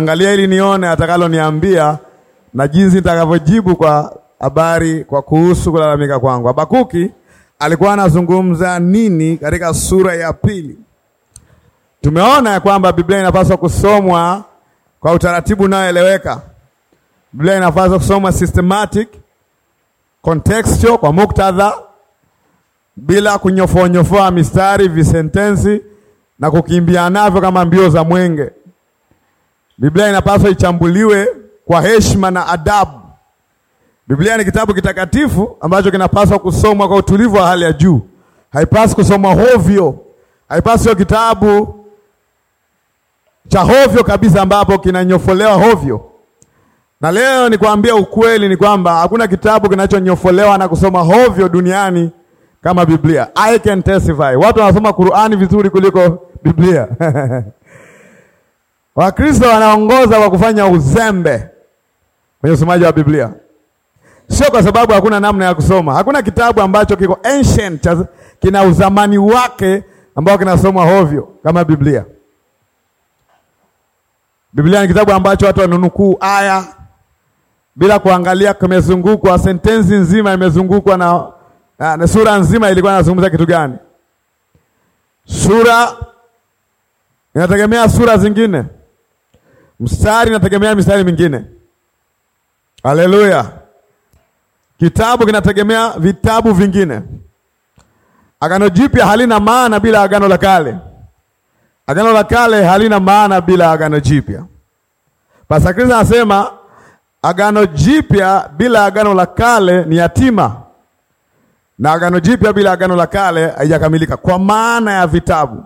angalia ili nione atakaloniambia na jinsi nitakavyojibu kwa habari kwa kuhusu kulalamika kwangu. Habakuki alikuwa anazungumza nini katika sura ya pili? Tumeona ya kwamba Biblia inapaswa kusomwa kwa utaratibu unaoeleweka. Biblia inapaswa kusomwa systematic, contextual, kwa muktadha, bila kunyofonyofoa mistari, visentensi na kukimbia navyo kama mbio za mwenge. Biblia inapaswa ichambuliwe kwa heshima na adabu. Biblia ni kitabu kitakatifu ambacho kinapaswa kusomwa kwa utulivu wa hali ya juu. Haipaswi kusomwa hovyo, haipaswi kitabu cha hovyo kabisa, ambapo kinanyofolewa hovyo. Na leo nikwambia ukweli ni kwamba hakuna kitabu kinachonyofolewa na kusoma hovyo duniani kama Biblia. I can testify. Watu wanasoma Qur'ani vizuri kuliko Biblia Wakristo wanaongoza kwa kufanya uzembe kwenye usomaji wa Biblia, sio kwa sababu hakuna namna ya kusoma. Hakuna kitabu ambacho kiko ancient kina uzamani wake ambao kinasomwa hovyo kama Biblia. Biblia ni kitabu ambacho watu wanunukuu aya bila kuangalia kimezungukwa, sentensi nzima imezungukwa na, na, na sura nzima ilikuwa inazungumza kitu gani? Sura inategemea sura zingine. Mstari nategemea mistari mingine. Haleluya! Kitabu kinategemea vitabu vingine. Agano Jipya halina maana bila Agano la Kale. Agano la Kale halina maana bila Agano Jipya. Pastor Chris anasema Agano Jipya bila Agano la Kale ni yatima, na Agano Jipya bila Agano la Kale haijakamilika kwa maana ya vitabu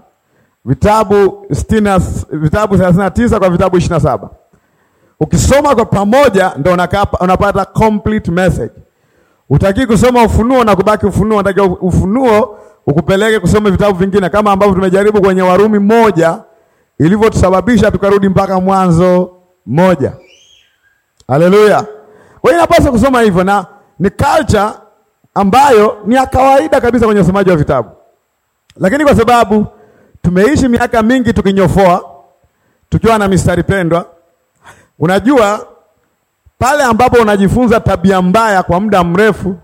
vitabu stinas, vitabu 39 kwa vitabu 27. ukisoma kwa pamoja ndio unapata complete message. Utaki kusoma Ufunuo na kubaki Ufunuo, unataka Ufunuo ukupeleke kusoma vitabu vingine, kama ambavyo tumejaribu kwenye Warumi moja ilivyotusababisha tukarudi mpaka Mwanzo moja. Haleluya! Kwa hiyo inapaswa kusoma hivyo, na ni culture ambayo ni ya kawaida kabisa kwenye usomaji wa vitabu, lakini kwa sababu Tumeishi miaka mingi tukinyofoa, tukiwa na mistari pendwa. Unajua, pale ambapo unajifunza tabia mbaya kwa muda mrefu,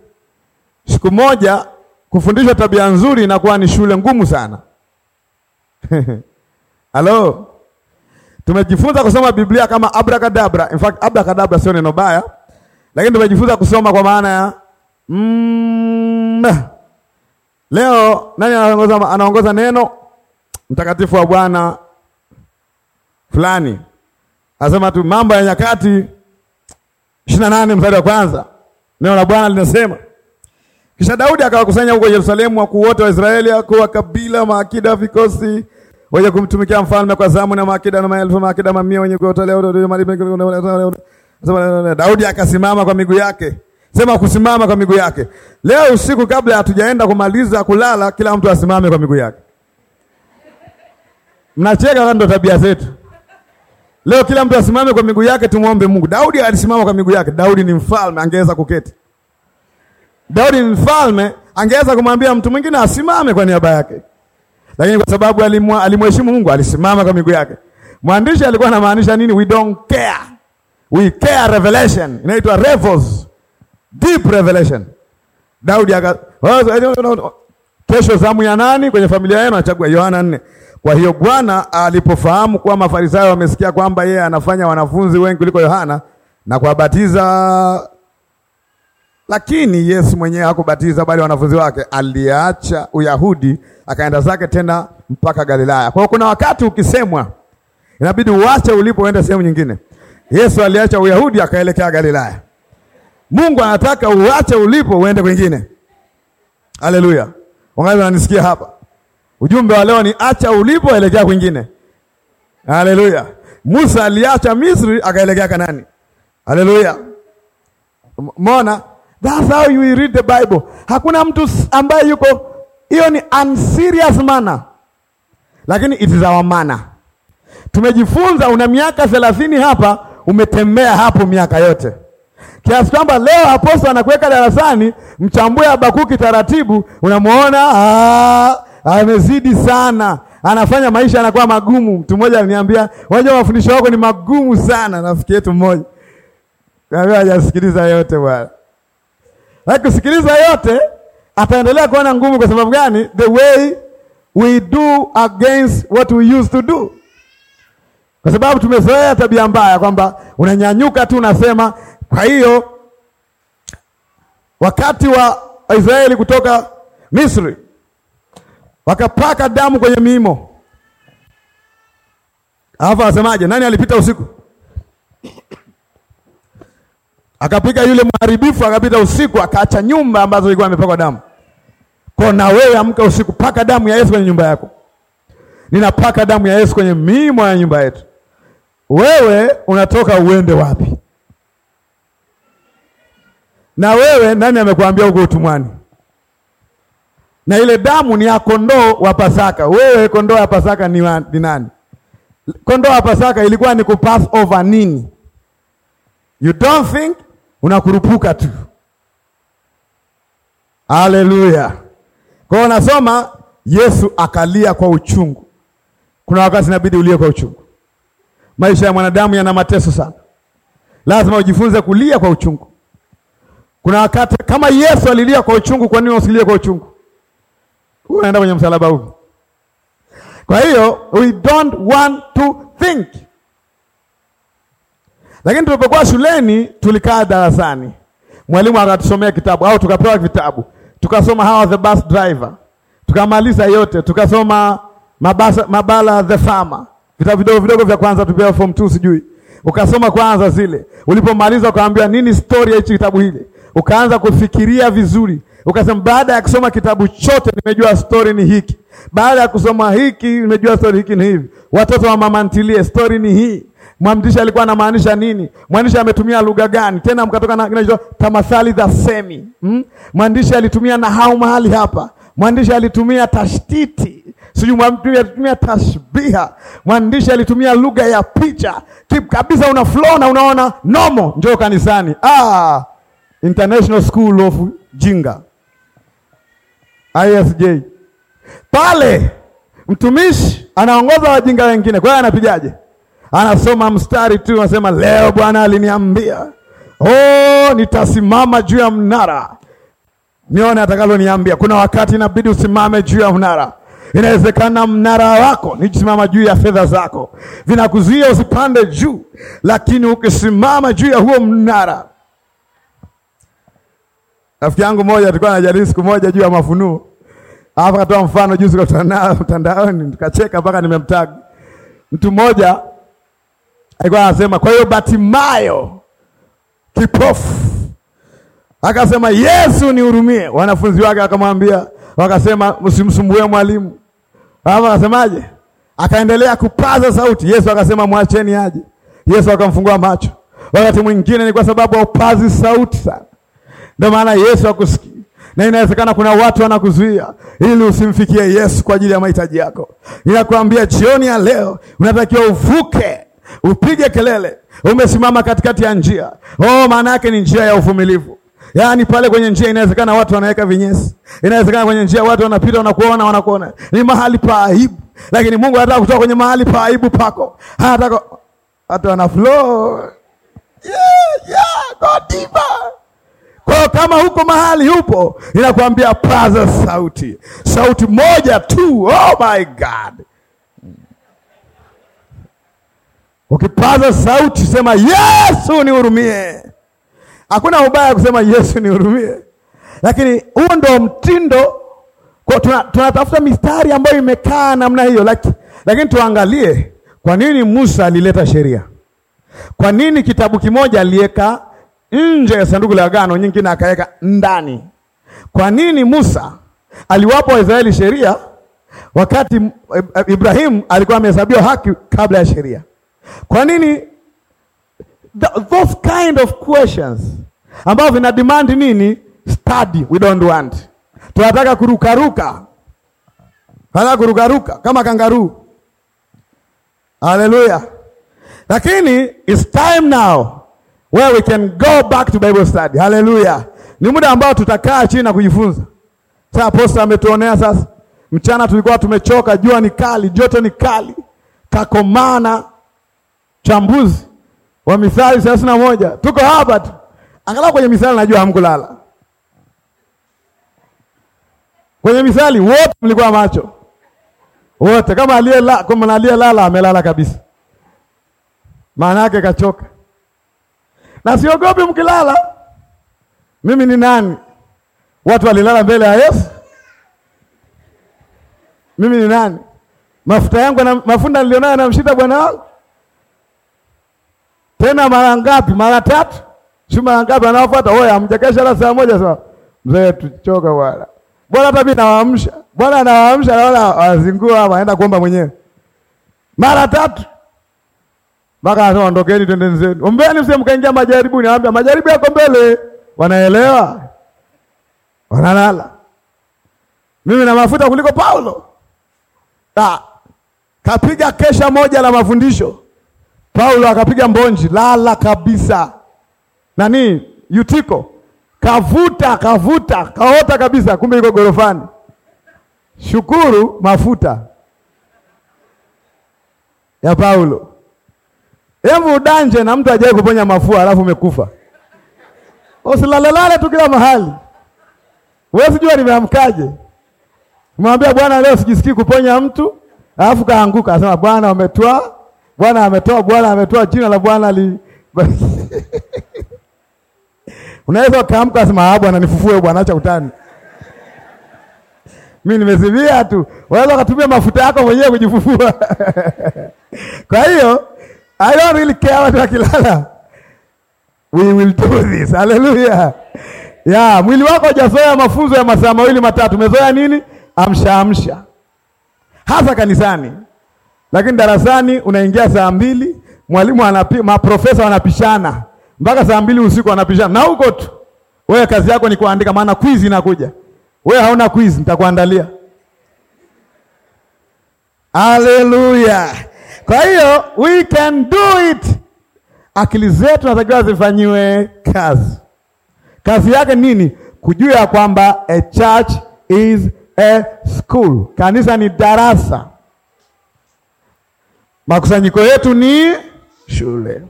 siku moja kufundishwa tabia nzuri inakuwa ni shule ngumu sana. Halo, tumejifunza kusoma Biblia kama abracadabra. In fact, abracadabra sio neno baya, lakini tumejifunza kusoma kwa maana ya mm, leo nani anaongoza anaongoza neno mtakatifu wa Bwana fulani anasema tu Mambo ya Nyakati ishirini na nane mstari wa kwanza neno la Bwana linasema kisha Daudi akawakusanya huko Yerusalemu wakuu wote wa Israeli, wakuu kabila, maakida, vikosi wenye kumtumikia mfalme kwa zamu, na maakida na maelfu maakida mamia wenye kuotolea. Daudi akasimama kwa miguu yake, sema kusimama kwa miguu yake. Leo usiku, kabla hatujaenda kumaliza kulala, kila mtu asimame kwa miguu yake. Mnacheka, kando tabia zetu leo. Kila mtu asimame kwa miguu yake, tumwombe Mungu. Daudi alisimama kwa miguu yake. Daudi ni mfalme, angeweza kuketi. Daudi ni mfalme, angeweza kumwambia mtu mwingine asimame kwa niaba yake, lakini kwa sababu alimheshimu Mungu alisimama kwa miguu yake. Mwandishi alikuwa anamaanisha nini? We don't care, we care revelation. Inaitwa revels, deep revelation. Daudi aka oh, eh, kesho, zamu ya nani kwenye familia yenu? Achagua Yohana 4. Kwa hiyo Bwana alipofahamu kuwa Mafarisayo wamesikia kwamba yeye anafanya wanafunzi wengi kuliko Yohana na kuwabatiza, lakini Yesu mwenyewe hakubatiza bali wanafunzi wake. Aliacha Uyahudi akaenda zake tena mpaka Galilaya. Kwa hiyo kuna wakati ukisemwa inabidi uache ulipo uende sehemu nyingine. Yesu aliacha Uyahudi akaelekea Galilaya. Mungu anataka uache ulipo uende kwingine. Haleluya! Wangapi wananisikia hapa? Ujumbe wa leo ni acha ulipo, elekea kwingine. Haleluya! Musa aliacha Misri akaelekea Kanani. Haleluya! Mona, that's how you read the Bible. Hakuna mtu ambaye yuko hiyo ni unserious mana, lakini it is our mana. Tumejifunza, una miaka thelathini hapa, umetembea hapo miaka yote kiasi kwamba leo apostol anakuweka darasani, mchambue Habakuki taratibu, unamwona ah, amezidi sana, anafanya maisha yanakuwa magumu. Mtu mmoja aliniambia, wajua mafundisho yako ni magumu sana. Rafiki yetu mmoja kaambia, hajasikiliza yote bwana, akisikiliza yote ataendelea kuona ngumu. Kwa sababu gani? the way we do against what we used to do kwa sababu tumezoea tabia mbaya kwamba unanyanyuka tu unasema. Kwa hiyo wakati wa Israeli kutoka Misri wakapaka damu kwenye miimo. Alafu anasemaje? Nani alipita usiku? Akapika yule mharibifu, akapita usiku, akaacha nyumba ambazo ilikuwa imepakwa damu. Kwa na wewe amka usiku, paka damu ya Yesu kwenye nyumba yako. Ninapaka damu ya Yesu kwenye miimo ya nyumba yetu. Wewe unatoka uende wapi? Na wewe nani amekuambia uko utumwani? na ile damu ni ya kondoo wa Pasaka. Wewe kondoo ya Pasaka ni, wa, ni nani? Kondoo ya Pasaka ilikuwa ni kupass over nini? You don't think, unakurupuka tu. Haleluya! Kwa hiyo nasoma Yesu akalia kwa uchungu. Kuna wakati inabidi ulie kwa uchungu. Maisha ya mwanadamu yana mateso sana, lazima ujifunze kulia kwa uchungu. Kuna wakati kama Yesu alilia kwa uchungu, kwa nini usilie kwa uchungu? Huyu anaenda kwenye msalaba huko. Kwa hiyo we don't want to think. Lakini tulipokuwa shuleni tulikaa darasani, mwalimu akatusomea kitabu au tukapewa vitabu, tukasoma How the Bus Driver, tukamaliza yote, tukasoma mabasa, Mabala the Farmer, vitabu vidogo vidogo vya kwanza tupewa form 2 sijui ukasoma kwanza zile, ulipomaliza ukaambiwa nini story ya hichi kitabu hili, ukaanza kufikiria vizuri, Ukasema baada ya kusoma kitabu chote nimejua story ni hiki, baada ya kusoma hiki nimejua story hiki ni hivi, watoto wa mama ntilie story ni hii, mwamdishi alikuwa anamaanisha nini, mwandishi ametumia lugha gani, tena mkatoka na kinachoitwa tamathali za semi hmm? mwandishi alitumia na hao mahali hapa, mwandishi alitumia tashtiti sijui alitumia tashbiha, mwandishi alitumia lugha ya picha kip kabisa, una flow na unaona nomo. Njoo kanisani, ah, International School of Jinga. ISJ pale mtumishi anaongoza wajinga wengine. Kwa hiyo anapigaje? Anasoma mstari tu, anasema leo Bwana aliniambia, oh, nitasimama juu ya mnara nione atakaloniambia. Kuna wakati inabidi usimame juu ya mnara. Inawezekana mnara wako ni kusimama juu ya fedha zako, vinakuzuia usipande juu, lakini ukisimama juu ya huo mnara Rafiki yangu moja tulikuwa anajadili siku moja juu ya mafunuo. Hapa katoa mfano juzi kwa mtandaoni tukacheka mpaka nimemtag. Mtu mmoja alikuwa anasema kwa hiyo Batimayo kipofu akasema Yesu nihurumie. Wanafunzi wake wakamwambia wakasema msimsumbue mwalimu. Hapa akasemaje? Akaendelea kupaza sauti. Yesu akasema mwacheni aje. Yesu akamfungua macho. Wakati mwingine ni kwa sababu upazi sauti sana. Ndio maana Yesu akusikia, na inawezekana kuna watu wanakuzuia ili usimfikie Yesu kwa ajili ya mahitaji yako. Ninakwambia jioni ya leo unatakiwa uvuke, upige kelele, umesimama katikati ya njia. Oh, maana yake ni njia ya uvumilivu. Yaani pale kwenye njia inawezekana watu wanaweka vinyesi. Inawezekana kwenye njia watu wanapita wanakuona wanakuona. Ni mahali pa aibu. Lakini Mungu anataka kutoka kwenye mahali pa aibu pako. Hata hata wana flow. Yeah, yeah, God diva. Kwa hiyo kama huko mahali upo, ninakwambia paza sauti, sauti moja tu. Oh my God, ukipaza sauti sema Yesu nihurumie. Hakuna ubaya kusema Yesu nihurumie, lakini huo ndo mtindo kwa tunatafuta tuna mistari ambayo imekaa namna hiyo, lakini lakini tuangalie kwa nini Musa alileta sheria? Kwa nini kitabu kimoja aliweka nje ya sanduku la agano, nyingine akaweka ndani. Kwa nini Musa aliwapa Waisraeli sheria wakati eh, eh, Ibrahimu alikuwa amehesabiwa haki kabla ya sheria? Kwa nini those kind of questions ambao vina demand nini? Study, we don't want. Tunataka kurukaruka, tunataka kurukaruka kama kangaruu. Haleluya! Lakini it's time now where we can go back to Bible study. Hallelujah. Ni muda ambao tutakaa chini na kujifunza. Sasa apostle ametuonea sasa. Mchana tulikuwa tumechoka, jua ni kali, joto ni kali. Kakomana chambuzi wa Mithali thelathini na moja. Tuko hapa tu. Angalau kwenye Mithali najua hamkulala. Kwenye Mithali wote mlikuwa macho. Wote kama aliyelala, kama aliyelala amelala kabisa. Maana yake kachoka na siogopi mkilala. Mimi ni nani? Watu walilala mbele ya Yesu. Mimi ni nani? Mafuta yangu na mafunda nilionayo yanamshinda Bwana wangu? Tena mara ngapi? Mara tatu? Si mara ngapi anaofuata? Oya, amjakesha la saa moja sawa. Mzee tuchoka bwana. Bwana hata mimi nawaamsha. Bwana anawaamsha na wala wazingua aenda kuomba mwenyewe. Mara tatu mpaka anasema ondokeni, twendeni zenu, ombeni msije mkaingia majaribuni. Anawambia majaribu yako mbele. Wanaelewa, wanalala. Mimi na mafuta kuliko Paulo. Ta, kapiga kesha moja la mafundisho, Paulo akapiga mbonji, lala kabisa. Nani Yutiko kavuta kavuta kaota kabisa, kumbe yuko gorofani. Shukuru mafuta ya Paulo. Hebu udanje na mtu ajaye kuponya mafua alafu umekufa. Usilalelale tu kila mahali. Wewe sijua nimeamkaje. Mwambia Bwana, leo sijisikii kuponya mtu, alafu kaanguka, asema Bwana umetoa, Bwana ametoa, Bwana ametoa, jina la Bwana li Unaweza kaamka asema ah, Bwana nifufue, Bwana acha utani. Mimi nimezibia tu. Wewe ukatumia mafuta yako mwenyewe kujifufua. Kwa hiyo I don't really care watu wakilala. We will do this. Hallelujah. Yeah, mwili wako hujazoea mafunzo ya masaa mawili matatu. Umezoea nini? Amsha amsha. Hasa kanisani. Lakini darasani unaingia saa mbili, mwalimu anapi, maprofesa wanapishana. Mpaka saa mbili usiku wanapishana. Na huko tu. Wewe kazi yako ni kuandika maana quiz inakuja. Wewe hauna quiz, nitakuandalia. Hallelujah. Kwa hiyo we can do it. Akili zetu natakiwa zifanyiwe kazi. Kazi yake nini? Kujua ya kwamba a church is a school, kanisa ni darasa, makusanyiko yetu ni shule.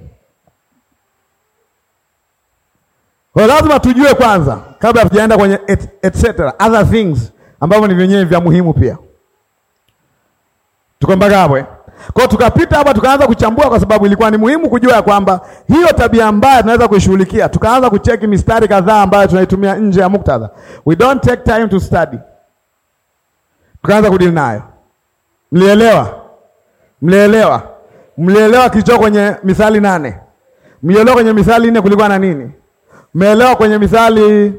Kwa lazima tujue kwanza, kabla hatujaenda kwenye et, et cetera, other things ambavyo ni vyenyewe vya muhimu pia. Tuko mpaka hapo eh? Kwa tukapita hapa tukaanza kuchambua, kwa sababu ilikuwa ni muhimu kujua ya kwamba hiyo tabia mbaya tunaweza kuishughulikia. Tukaanza kucheki mistari kadhaa ambayo tunaitumia nje ya muktadha, we don't take time to study. Tukaanza kudili nayo. Mlielewa? Mlielewa? Mlielewa kilicho kwenye Mithali nane? Mlielewa kwenye Mithali nne kulikuwa na nini? Mmeelewa kwenye Mithali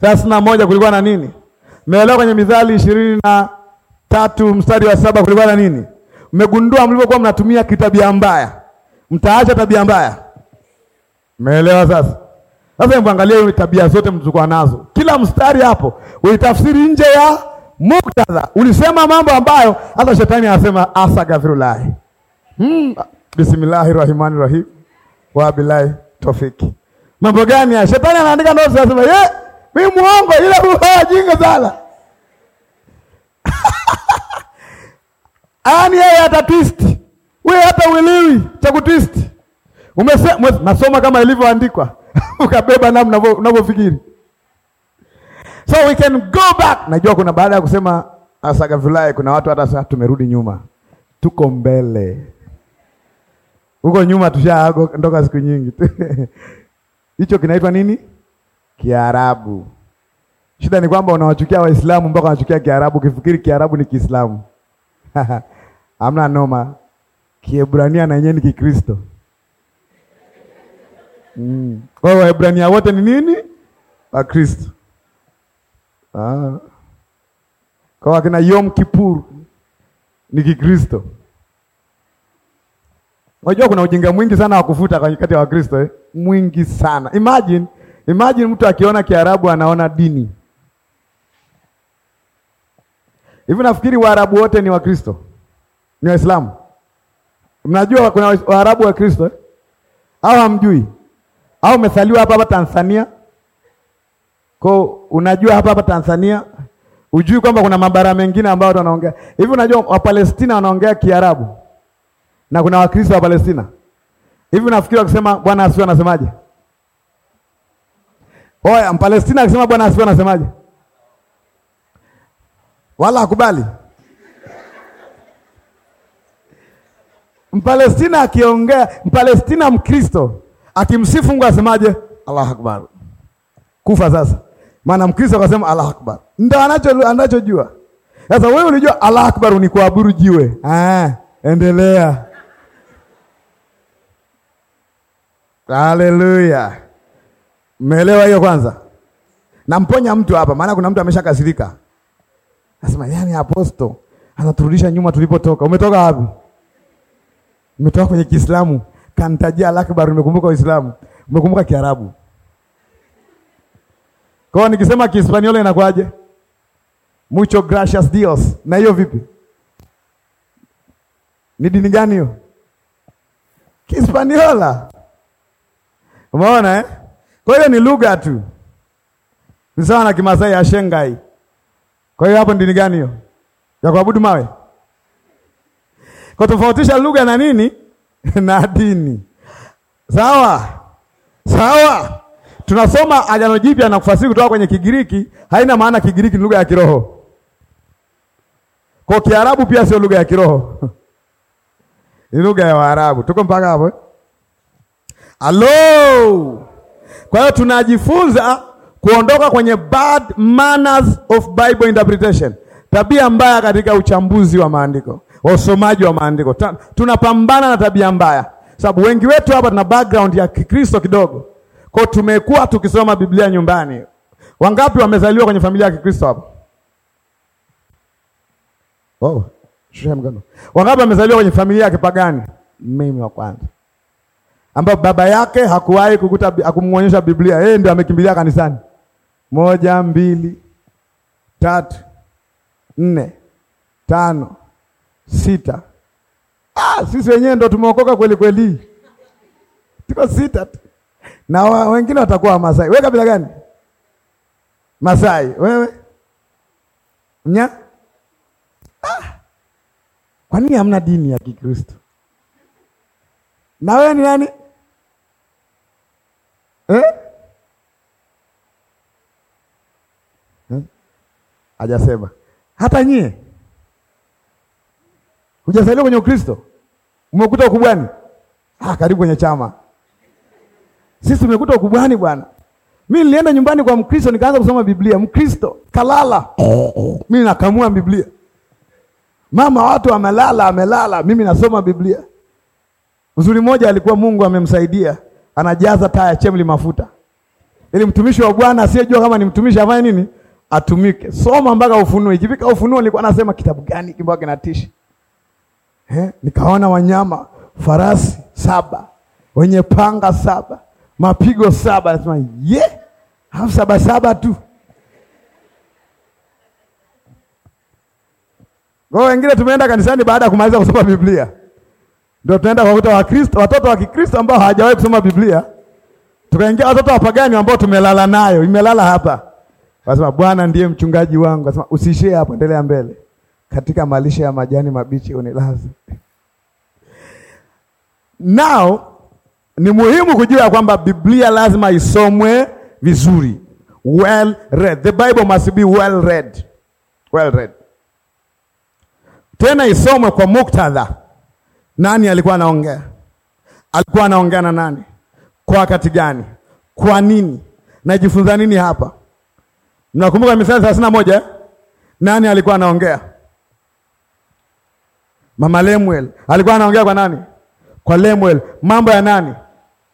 thelathini na moja kulikuwa na nini? Mmeelewa kwenye Mithali ishirini na tatu mstari wa saba kulikuwa na nini? Mmegundua mlivyokuwa mnatumia kitabia mbaya, mtaacha tabia mbaya. Umeelewa sasa? Sasa hebu angalia tabia zote mlizokuwa nazo. Kila mstari hapo ulitafsiri nje ya muktadha, ulisema mambo ambayo hata shetani anasema asa asagafirulai. Hmm. Bismillahir Rahmanir Rahim. Wa billahi tofiki. Mambo gani ya Shetani anaandika ndio anasema, "Ye, mimi muongo ile roho jinga sala Yaani yeye twist. Wewe hata uelewi cha kutwist. Umesema nasoma kama ilivyoandikwa. Ukabeba namna unavyofikiri. So we can go back. Najua kuna baada ya kusema asagavulai ah, kuna watu hata sasa tumerudi nyuma. Tuko mbele. Huko nyuma tushaago ndoka siku nyingi. Hicho kinaitwa nini? Kiarabu. Shida ni kwamba unawachukia Waislamu mpaka unachukia Kiarabu, kifikiri Kiarabu ni Kiislamu. Amna noma. Kiebrania na yenyewe ni Kikristo. Mm. Kwa hiyo Waebrania wote ni nini? Wakristo. Ah. Kwa wakina Yom Kippur ni Kikristo. Unajua kuna ujinga mwingi sana wa kufuta kati ya Wakristo eh? Mwingi sana. Imagine, imagine mtu akiona Kiarabu anaona dini. Hivi nafikiri Waarabu wote ni Wakristo? ni Waislamu. Mnajua kuna Waarabu wa Kristo eh? au hamjui? Au umezaliwa hapa hapa Tanzania? Kwa unajua hapa hapa Tanzania ujui kwamba kuna mabara mengine ambayo watu wanaongea hivi. Unajua Wapalestina wanaongea Kiarabu na kuna Wakristo wa Palestina hivi. Nafikiri wakisema Bwana asifiwe anasemaje? Oya, Mpalestina akisema Bwana asifiwe anasemaje? Wala hakubali. Mpalestina akiongea, Mpalestina Mkristo akimsifu Mungu asemaje? Allahu Akbar. Kufa sasa. Maana Mkristo akasema Allahu Akbar. Ndio anacho anachojua. Sasa wewe ulijua Allahu Akbar ni kuabudu jiwe. Ah, endelea. Haleluya. Mmeelewa hiyo kwanza? Namponya mtu hapa maana kuna mtu ameshakasirika. Anasema yani aposto anaturudisha nyuma tulipotoka. Umetoka wapi? Umetoka kwenye Kiislamu, kantajia alakbar, umekumbuka Uislamu, umekumbuka Kiarabu. Kwa hiyo nikisema Kihispaniola inakuwaje? Mucho gracious Dios. Na hiyo vipi? Ni dini gani hiyo? Kihispaniola. Umeona eh? Kwa hiyo ni lugha tu. Ni sawa na Kimasai ya Shengai. Kwa hiyo hapo ni dini gani hiyo? Ya kuabudu mawe? tofautisha lugha na nini na dini. Sawa sawa, tunasoma Agano Jipya na kufasiri kutoka kwenye Kigiriki. Haina maana Kigiriki ni lugha ya kiroho, kwa Kiarabu pia sio lugha ya kiroho ni lugha ya Waarabu. Tuko mpaka hapo? Hello. Eh? Kwa hiyo tunajifunza kuondoka kwenye bad manners of Bible interpretation, tabia mbaya katika uchambuzi wa maandiko wa usomaji wa maandiko. Tunapambana na tabia mbaya, sababu wengi wetu hapa tuna background ya Kikristo kidogo, kwa tumekuwa tukisoma Biblia nyumbani. Wangapi wamezaliwa kwenye familia ya Kikristo hapa? Oh, wangapi wamezaliwa kwenye familia ya kipagani? Mimi wa kwanza, ambapo baba yake hakuwahi kukuta akumuonyesha Biblia, yeye ndio amekimbilia kanisani. Moja, mbili, tatu, nne, tano sita. Ah, sisi wenyewe ndo tumeokoka kweli kweli. Tuko sita tu. Na wa, wengine watakuwa Wamasai. Wewe kabila gani? Masai. Wewe? Nya? Ah. Kwa nini hamna dini ya Kikristo? Na wewe ni nani? Eh? eh? Hajasema. Hata nyie Hujazaliwa kwenye Ukristo? Umekuta ukubwani? Ah, karibu kwenye chama. Sisi tumekuta ukubwani bwana. Mimi nilienda nyumbani kwa Mkristo nikaanza kusoma Biblia. Mkristo kalala. Mimi nakamua Biblia. Mama watu amelala, amelala, mimi nasoma Biblia. Mzuri mmoja alikuwa Mungu amemsaidia, anajaza taa ya chemli mafuta. Ili mtumishi wa Bwana asiyejua kama ni mtumishi afanye nini? Atumike. Soma mpaka ufunuo. Ikifika ufunuo nilikuwa nasema kitabu gani kimbo kinatishi eh, nikaona wanyama farasi saba wenye panga saba mapigo saba. Nasema ye yeah, hafu saba saba tu kwa wengine tumeenda kanisani baada ya kumaliza kusoma Biblia, ndio tunaenda kuwakuta Wakristo, watoto wa Kikristo ambao hawajawahi kusoma Biblia, tukaingia watoto wapagani ambao tumelala nayo, imelala hapa. Wasema Bwana ndiye mchungaji wangu, asema usiishie hapo, endelea mbele katika malisha ya majani mabichi unilaze. Now ni muhimu kujua kwamba Biblia lazima isomwe vizuri, well read. The Bible must be well read. Well read. Tena isomwe kwa muktadha. Nani alikuwa anaongea? Alikuwa anaongea na nani? Kwa wakati gani? Kwa nini? Najifunza nini hapa? Mnakumbuka Mithali thelathini na moja? Nani alikuwa anaongea? Mama Lemuel alikuwa anaongea kwa nani? Kwa Lemuel. Mambo ya nani?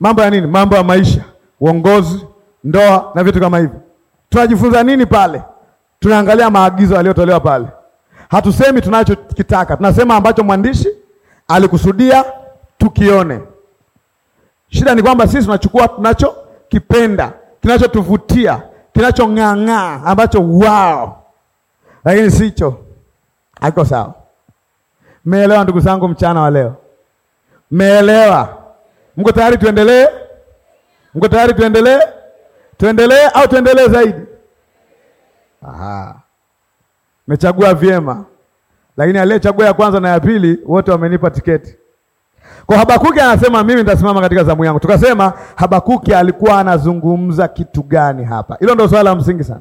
Mambo ya nini? Mambo ya maisha, uongozi, ndoa na vitu kama hivyo. Tunajifunza nini pale? Tunaangalia maagizo aliyotolewa pale. Hatusemi tunachokitaka, tunasema ambacho mwandishi alikusudia tukione. Shida ni kwamba sisi tunachukua tunachokipenda, kinachotuvutia, kinachong'ang'aa, ambacho wow, lakini sicho, haiko sawa. Mmeelewa ndugu zangu mchana wa leo? Mmeelewa? Mko tayari tuendelee? Mko tayari tuendelee? Tuendelee au tuendelee zaidi? Aha. Mechagua vyema. Lakini aliyechagua ya kwanza na ya pili wote wamenipa tiketi. Kwa Habakuki anasema mimi nitasimama katika zamu yangu. Tukasema Habakuki alikuwa anazungumza kitu gani hapa? Hilo ndio swala la msingi sana.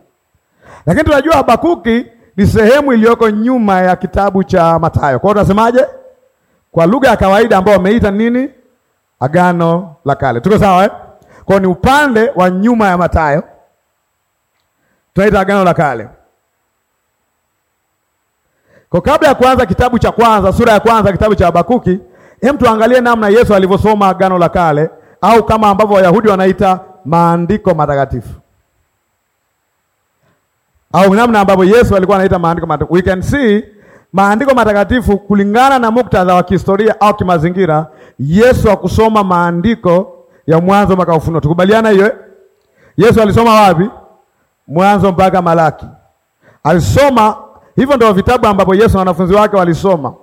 Lakini tunajua Habakuki ni sehemu iliyoko nyuma ya kitabu cha Mathayo. Kwa hiyo tunasemaje? Kwa lugha ya kawaida ambayo wameita nini? Agano la Kale. Tuko sawa eh? Kwa ni upande wa nyuma ya Mathayo. Tunaita Agano la Kale. Kwa kabla ya kuanza kitabu cha kwanza, sura ya kwanza kitabu cha Habakuki, hem tuangalie namna Yesu alivyosoma Agano la Kale au kama ambavyo Wayahudi wanaita maandiko matakatifu au namna ambavyo Yesu alikuwa anaita maandiko matakatifu. We can see maandiko matakatifu kulingana na muktadha wa kihistoria au kimazingira. Yesu akusoma maandiko ya Mwanzo mpaka Ufunuo, tukubaliana hiyo. Eh? Yesu alisoma wapi? Mwanzo mpaka Malaki alisoma. Hivyo ndio vitabu ambapo Yesu na wanafunzi wake walisoma,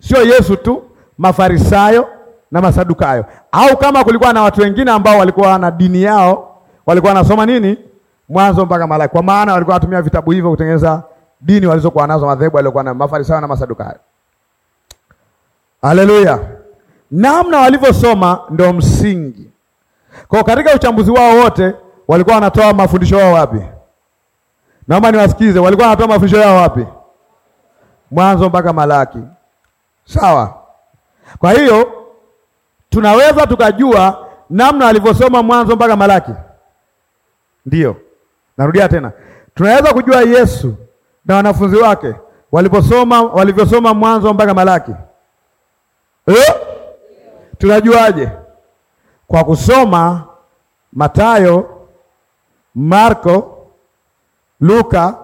sio Yesu tu, Mafarisayo na Masadukayo, au kama kulikuwa na watu wengine ambao walikuwa na dini yao, walikuwa wanasoma nini mwanzo mpaka Malaki, kwa maana walikuwa wanatumia vitabu hivyo kutengeneza dini walizokuwa nazo madhehebu aliyokuwa na Mafarisayo na Masadukayo. Haleluya! namna walivyosoma ndo msingi kwa. Katika uchambuzi wao wote walikuwa wanatoa mafundisho yao wapi? Naomba niwasikize, walikuwa wanatoa mafundisho yao wapi? Mwanzo mpaka Malaki, sawa. Kwa hiyo tunaweza tukajua namna alivyosoma Mwanzo mpaka Malaki, ndio Narudia tena, tunaweza kujua Yesu na wanafunzi wake waliposoma walivyosoma Mwanzo mpaka Malaki eh? Tunajuaje? Kwa kusoma Matayo, Marko, Luka,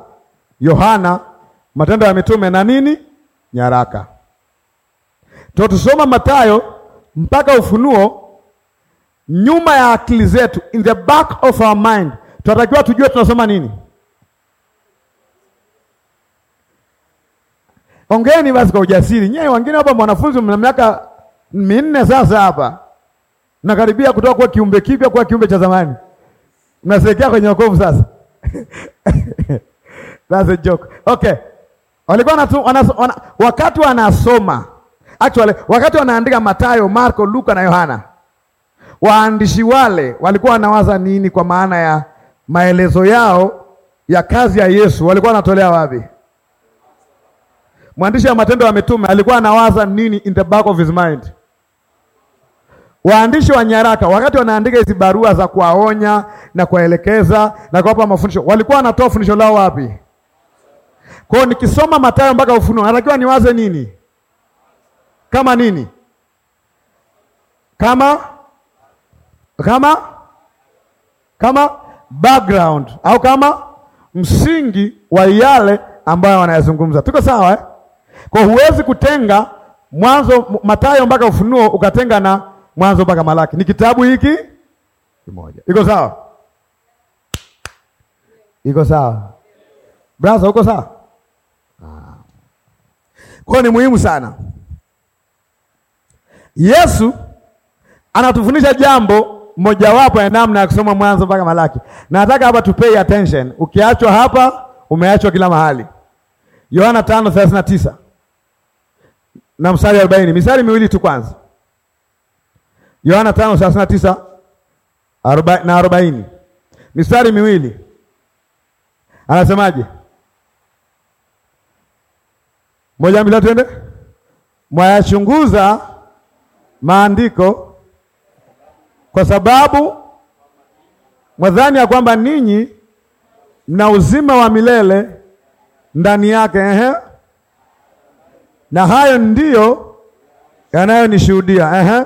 Yohana, Matendo ya Mitume na nini, nyaraka. tusoma Matayo mpaka Ufunuo nyuma ya akili zetu, in the back of our mind tunatakiwa tujue tunasoma nini. Ongeeni basi kwa ujasiri nyewe, wengine hapa mwanafunzi mna miaka minne sasa hapa nakaribia kutoka kwa kiumbe kipya kwa kiumbe cha zamani, Mnasekea kwenye wokovu sasa. That's a joke. Okay, walikuwa wana, wana, wakati wanasoma actually, wakati wanaandika Mathayo, Marko, Luka na Yohana, waandishi wale walikuwa wanawaza nini kwa maana ya maelezo yao ya kazi ya Yesu walikuwa wanatolea wapi? Mwandishi wa Matendo ya Mitume alikuwa anawaza nini in the back of his mind? Waandishi wa nyaraka wakati wanaandika hizi barua za kuwaonya na kuwaelekeza na kuwapa mafundisho, walikuwa wanatoa fundisho lao wapi? Kwa hiyo nikisoma Mathayo mpaka Ufunuo natakiwa niwaze nini? Kama nini? Kama kama kama background au kama msingi wa yale ambayo wanayazungumza. Tuko sawa eh? Kwa huwezi kutenga Mwanzo matayo mpaka Ufunuo ukatenga na Mwanzo mpaka Malaki. Ni kitabu hiki kimoja. Iko sawa? Iko sawa? Brother, uko sawa? Ah. Kwa ni muhimu sana. Yesu anatufundisha jambo mojawapo ya namna ya kusoma Mwanzo mpaka Malaki. nataka hapa tu pay attention. Ukiachwa hapa umeachwa kila mahali. Yohana 5:39 na mstari 40. Mistari miwili tu kwanza. Yohana 5:39 na 40. Mistari miwili. Anasemaje? Moja mbili, twende. Mwayachunguza maandiko kwa sababu mwadhani ya kwamba ninyi mna uzima wa milele ndani yake. Ehe, na hayo ndiyo yanayonishuhudia. Ehe,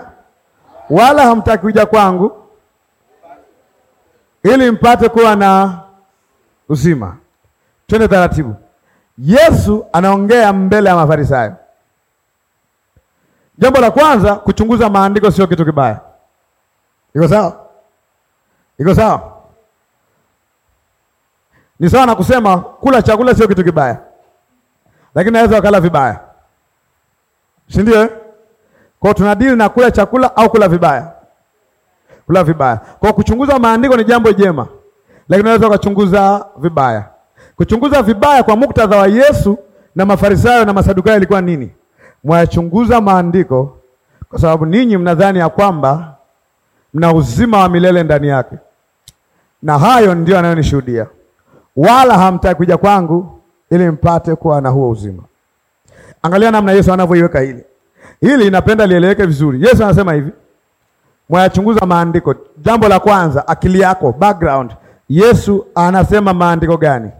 wala hamtaki kuja kwangu ili mpate kuwa na uzima. Twende taratibu. Yesu anaongea mbele ya Mafarisayo. Jambo la kwanza, kuchunguza maandiko sio kitu kibaya. Iko sawa? Iko sawa? Ni sawa na kusema kula chakula sio kitu kibaya, lakini naweza wakala vibaya, si ndio? Eh? Kwa dili na kula chakula au kula vibaya. Kula vibaya kwa kuchunguza maandiko ni jambo jema, lakini naweza ukachunguza vibaya. Kuchunguza vibaya kwa muktadha wa Yesu na Mafarisayo na Masadukayo ilikuwa nini? Mwayachunguza maandiko kwa sababu ninyi mnadhani ya kwamba mna uzima wa milele ndani yake, na hayo ndio anayonishuhudia, wala hamtaki kuja kwangu ili mpate kuwa na huo uzima. Angalia namna Yesu anavyoiweka hili hili, inapenda lieleweke vizuri. Yesu anasema hivi, mwayachunguza maandiko. Jambo la kwanza, akili yako, background. Yesu anasema maandiko gani?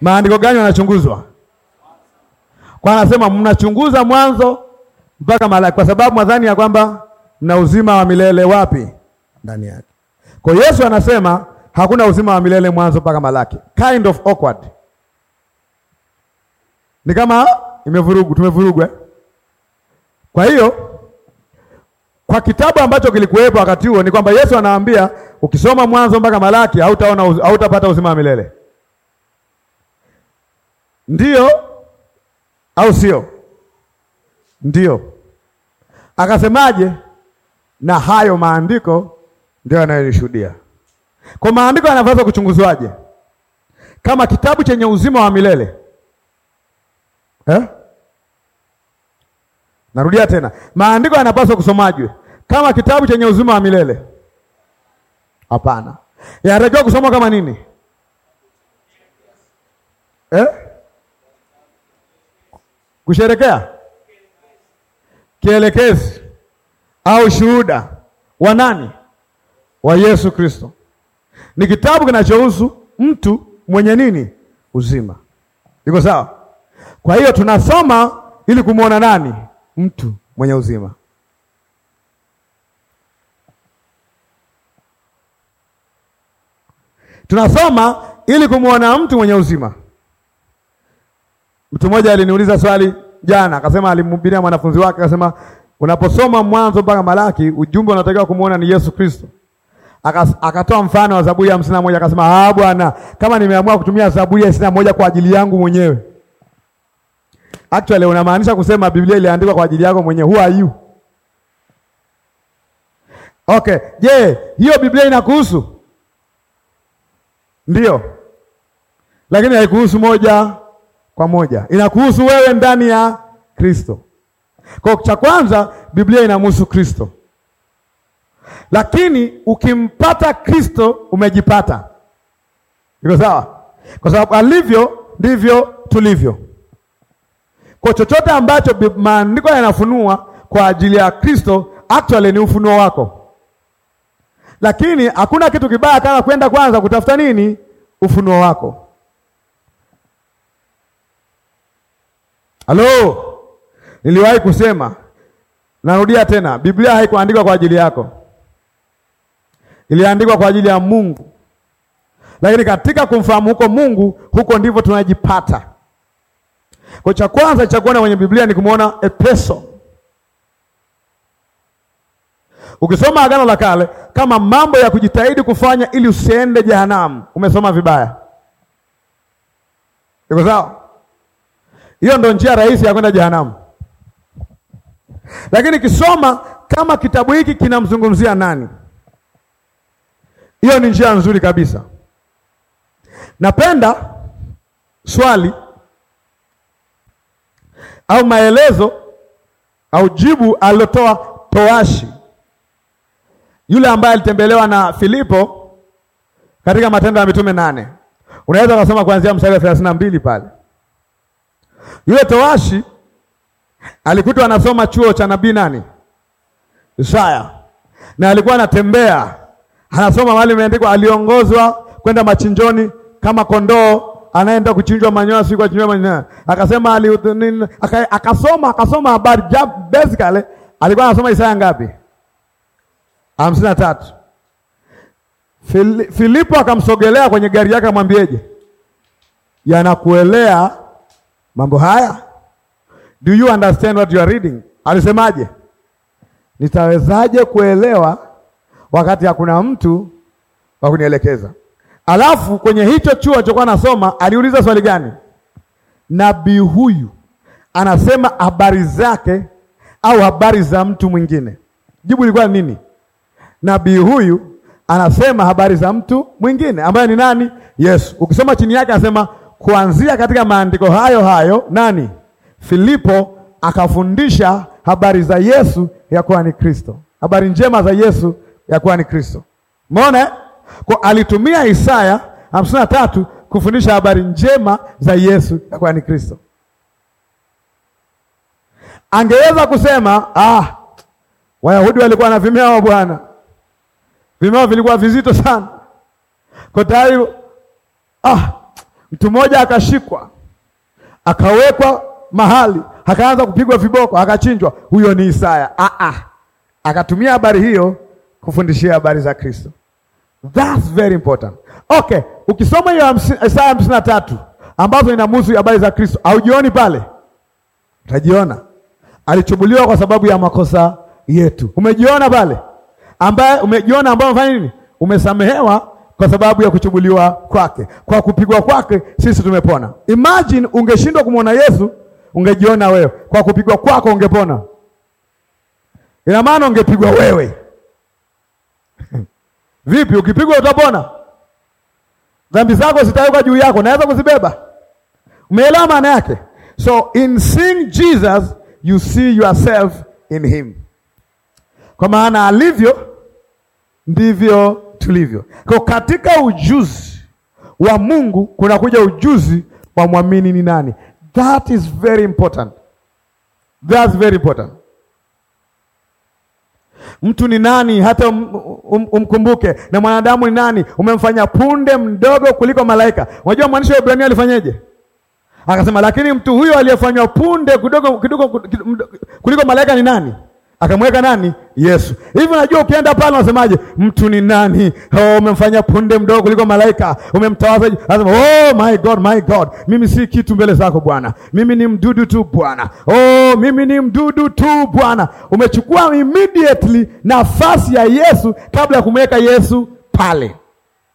Maandiko gani yanachunguzwa? Kwa anasema mnachunguza Mwanzo mpaka Malaki kwa sababu mwadhani ya kwamba na uzima wa milele wapi? Ndani yake. Kwa Yesu anasema hakuna uzima wa milele mwanzo mpaka Malaki. Kind of awkward. Ni kama imevurugu, tumevurugwa. Kwa hiyo kwa kitabu ambacho kilikuwepo wakati huo ni kwamba Yesu anaambia ukisoma Mwanzo mpaka Malaki hautaona hautapata uzima wa milele. Ndiyo au sio? Ndiyo. Akasemaje? na hayo maandiko ndio yanayonishuhudia. Kwa maandiko yanapaswa kuchunguzwaje? Kama kitabu chenye uzima wa milele eh? Narudia tena, maandiko yanapaswa kusomajwe kama kitabu chenye uzima wa milele hapana. Yanatakiwa kusoma kama nini eh? Kusherekea kielekezi au shuhuda wa nani? Wa Yesu Kristo. Ni kitabu kinachohusu mtu mwenye nini? Uzima. Iko sawa? Kwa hiyo tunasoma ili kumwona nani? Mtu mwenye uzima. Tunasoma ili kumwona mtu mwenye uzima. Mtu mmoja aliniuliza swali jana, akasema alimhubiria mwanafunzi wake, akasema Unaposoma Mwanzo mpaka Malaki, ujumbe unatakiwa kumwona ni Yesu Kristo. Akatoa mfano wa Zaburi ya hamsini na moja akasema, ah, Bwana, kama nimeamua kutumia Zaburi ya hamsini na moja kwa ajili yangu mwenyewe. Actually unamaanisha kusema Biblia iliandikwa kwa ajili yako mwenyewe. Who are you? Okay, je, yeah, hiyo Biblia inakuhusu? Ndiyo, lakini haikuhusu moja kwa moja, inakuhusu wewe ndani ya Kristo. Kwa cha kwanza Biblia inamhusu Kristo, lakini ukimpata Kristo umejipata. Iko sawa? Kwa sababu alivyo ndivyo tulivyo. Kwa chochote ambacho maandiko yanafunua kwa ajili ya Kristo, actually ni ufunuo wako, lakini hakuna kitu kibaya kama kwenda kwanza kutafuta nini ufunuo wako. Halo Niliwahi kusema, narudia tena, Biblia haikuandikwa kwa ajili yako, iliandikwa kwa ajili ya Mungu. Lakini katika kumfahamu huko Mungu, huko ndivyo tunajipata. Kwa cha kwanza cha kuona kwenye Biblia ni kumwona epeso. Ukisoma Agano la Kale kama mambo ya kujitahidi kufanya ili usiende jehanamu, umesoma vibaya. Iko sawa? Hiyo ndio njia rahisi ya kwenda jehanamu. Lakini kisoma kama kitabu hiki kinamzungumzia nani, hiyo ni njia nzuri kabisa. Napenda swali au maelezo au jibu alilotoa toashi yule ambaye alitembelewa na Filipo katika Matendo ya Mitume nane. Unaweza kusoma kuanzia mstari wa 32 pale. Yule toashi alikutwa anasoma chuo cha nabii nani? Isaya, na alikuwa anatembea anasoma mahali imeandikwa, aliongozwa kwenda machinjoni kama kondoo anaenda kuchinjwa manyoya, siku achinjwa manyoya, akasema alihudhuria, akasoma akasoma habari. Basically alikuwa anasoma Isaya ngapi? hamsini na tatu. Filipo akamsogelea kwenye gari yake, amwambieje? Yanakuelea mambo haya Do you understand what you are reading? Alisemaje? Nitawezaje kuelewa wakati hakuna mtu wa kunielekeza? Alafu kwenye hicho chuo alichokuwa anasoma aliuliza swali gani? Nabii huyu anasema habari zake au habari za mtu mwingine? Jibu lilikuwa nini? Nabii huyu anasema habari za mtu mwingine ambaye ni nani? Yesu. Ukisoma chini yake anasema kuanzia katika maandiko hayo hayo nani Filipo akafundisha habari za Yesu ya kuwa ni Kristo, habari njema za Yesu ya kuwa ni Kristo. Umeona? Kwa alitumia Isaya hamsini na tatu kufundisha habari njema za Yesu ya kuwa ni Kristo. Angeweza kusema ah, Wayahudi walikuwa na vimeo bwana, vimeo vilikuwa vizito sana kwa tayari. Ah, mtu mmoja akashikwa akawekwa mahali, akaanza kupigwa viboko, akachinjwa. Huyo ni Isaya. Ah ah, akatumia habari hiyo kufundishia habari za Kristo. That's very important. Okay, ukisoma hiyo Isaya hamsini na tatu ambazo inamuhusu habari za Kristo, haujioni pale, utajiona alichubuliwa kwa sababu ya makosa yetu. Umejiona pale, ambaye umejiona, ambaye umefanya nini? Umesamehewa kwa sababu ya kuchubuliwa kwake, kwa kupigwa kwake sisi tumepona. Imagine ungeshindwa kumwona Yesu ungejiona wewe, kwa kupigwa kwako ungepona. Ina maana ungepigwa wewe vipi? Ukipigwa utapona? Dhambi zako zitawekwa juu yako, naweza kuzibeba. Umeelewa maana yake? So in seeing Jesus you see yourself in him, kwa maana alivyo ndivyo tulivyo. Kwa katika ujuzi wa Mungu kunakuja ujuzi wa mwamini ni nani. That is very important. That's very important. Mtu ni nani hata um, um, umkumbuke, na mwanadamu ni nani umemfanya punde mdogo kuliko malaika. Unajua mwandishi wa Ibrania alifanyeje? Akasema, lakini mtu huyo aliyefanywa punde kidogo kidogo kuliko malaika ni nani? akamweka nani? Yesu. Hivi unajua ukienda pale unasemaje? Mtu ni nani? Oh, umemfanya punde mdogo kuliko malaika, umemtawaza. Anasema, oh my God, my God, mimi si kitu mbele zako Bwana, mimi ni mdudu tu Bwana. Oh, mimi ni mdudu tu Bwana. Umechukua immediately nafasi ya Yesu kabla ya kumweka Yesu pale.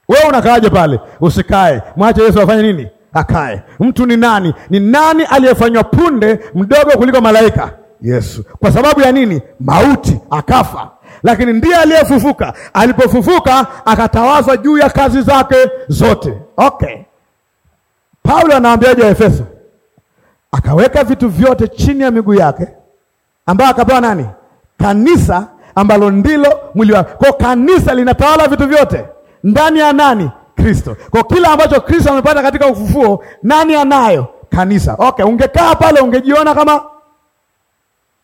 Wewe unakaaje pale? Usikae, mwache Yesu afanye nini? Akae. Mtu ni nani? Ni nani aliyefanywa punde mdogo kuliko malaika? Yesu. Kwa sababu ya nini? Mauti akafa, lakini ndiye aliyefufuka. Alipofufuka akatawazwa juu ya kazi zake zote. Okay, Paulo anaambiaje Efeso? Akaweka vitu vyote chini ya miguu yake, ambayo akapewa nani? Kanisa ambalo ndilo mwili wake. Kwa kanisa linatawala vitu vyote ndani ya nani? Kristo. Kwa kila ambacho Kristo amepata katika ufufuo, nani anayo? Kanisa. Okay, ungekaa pale ungejiona kama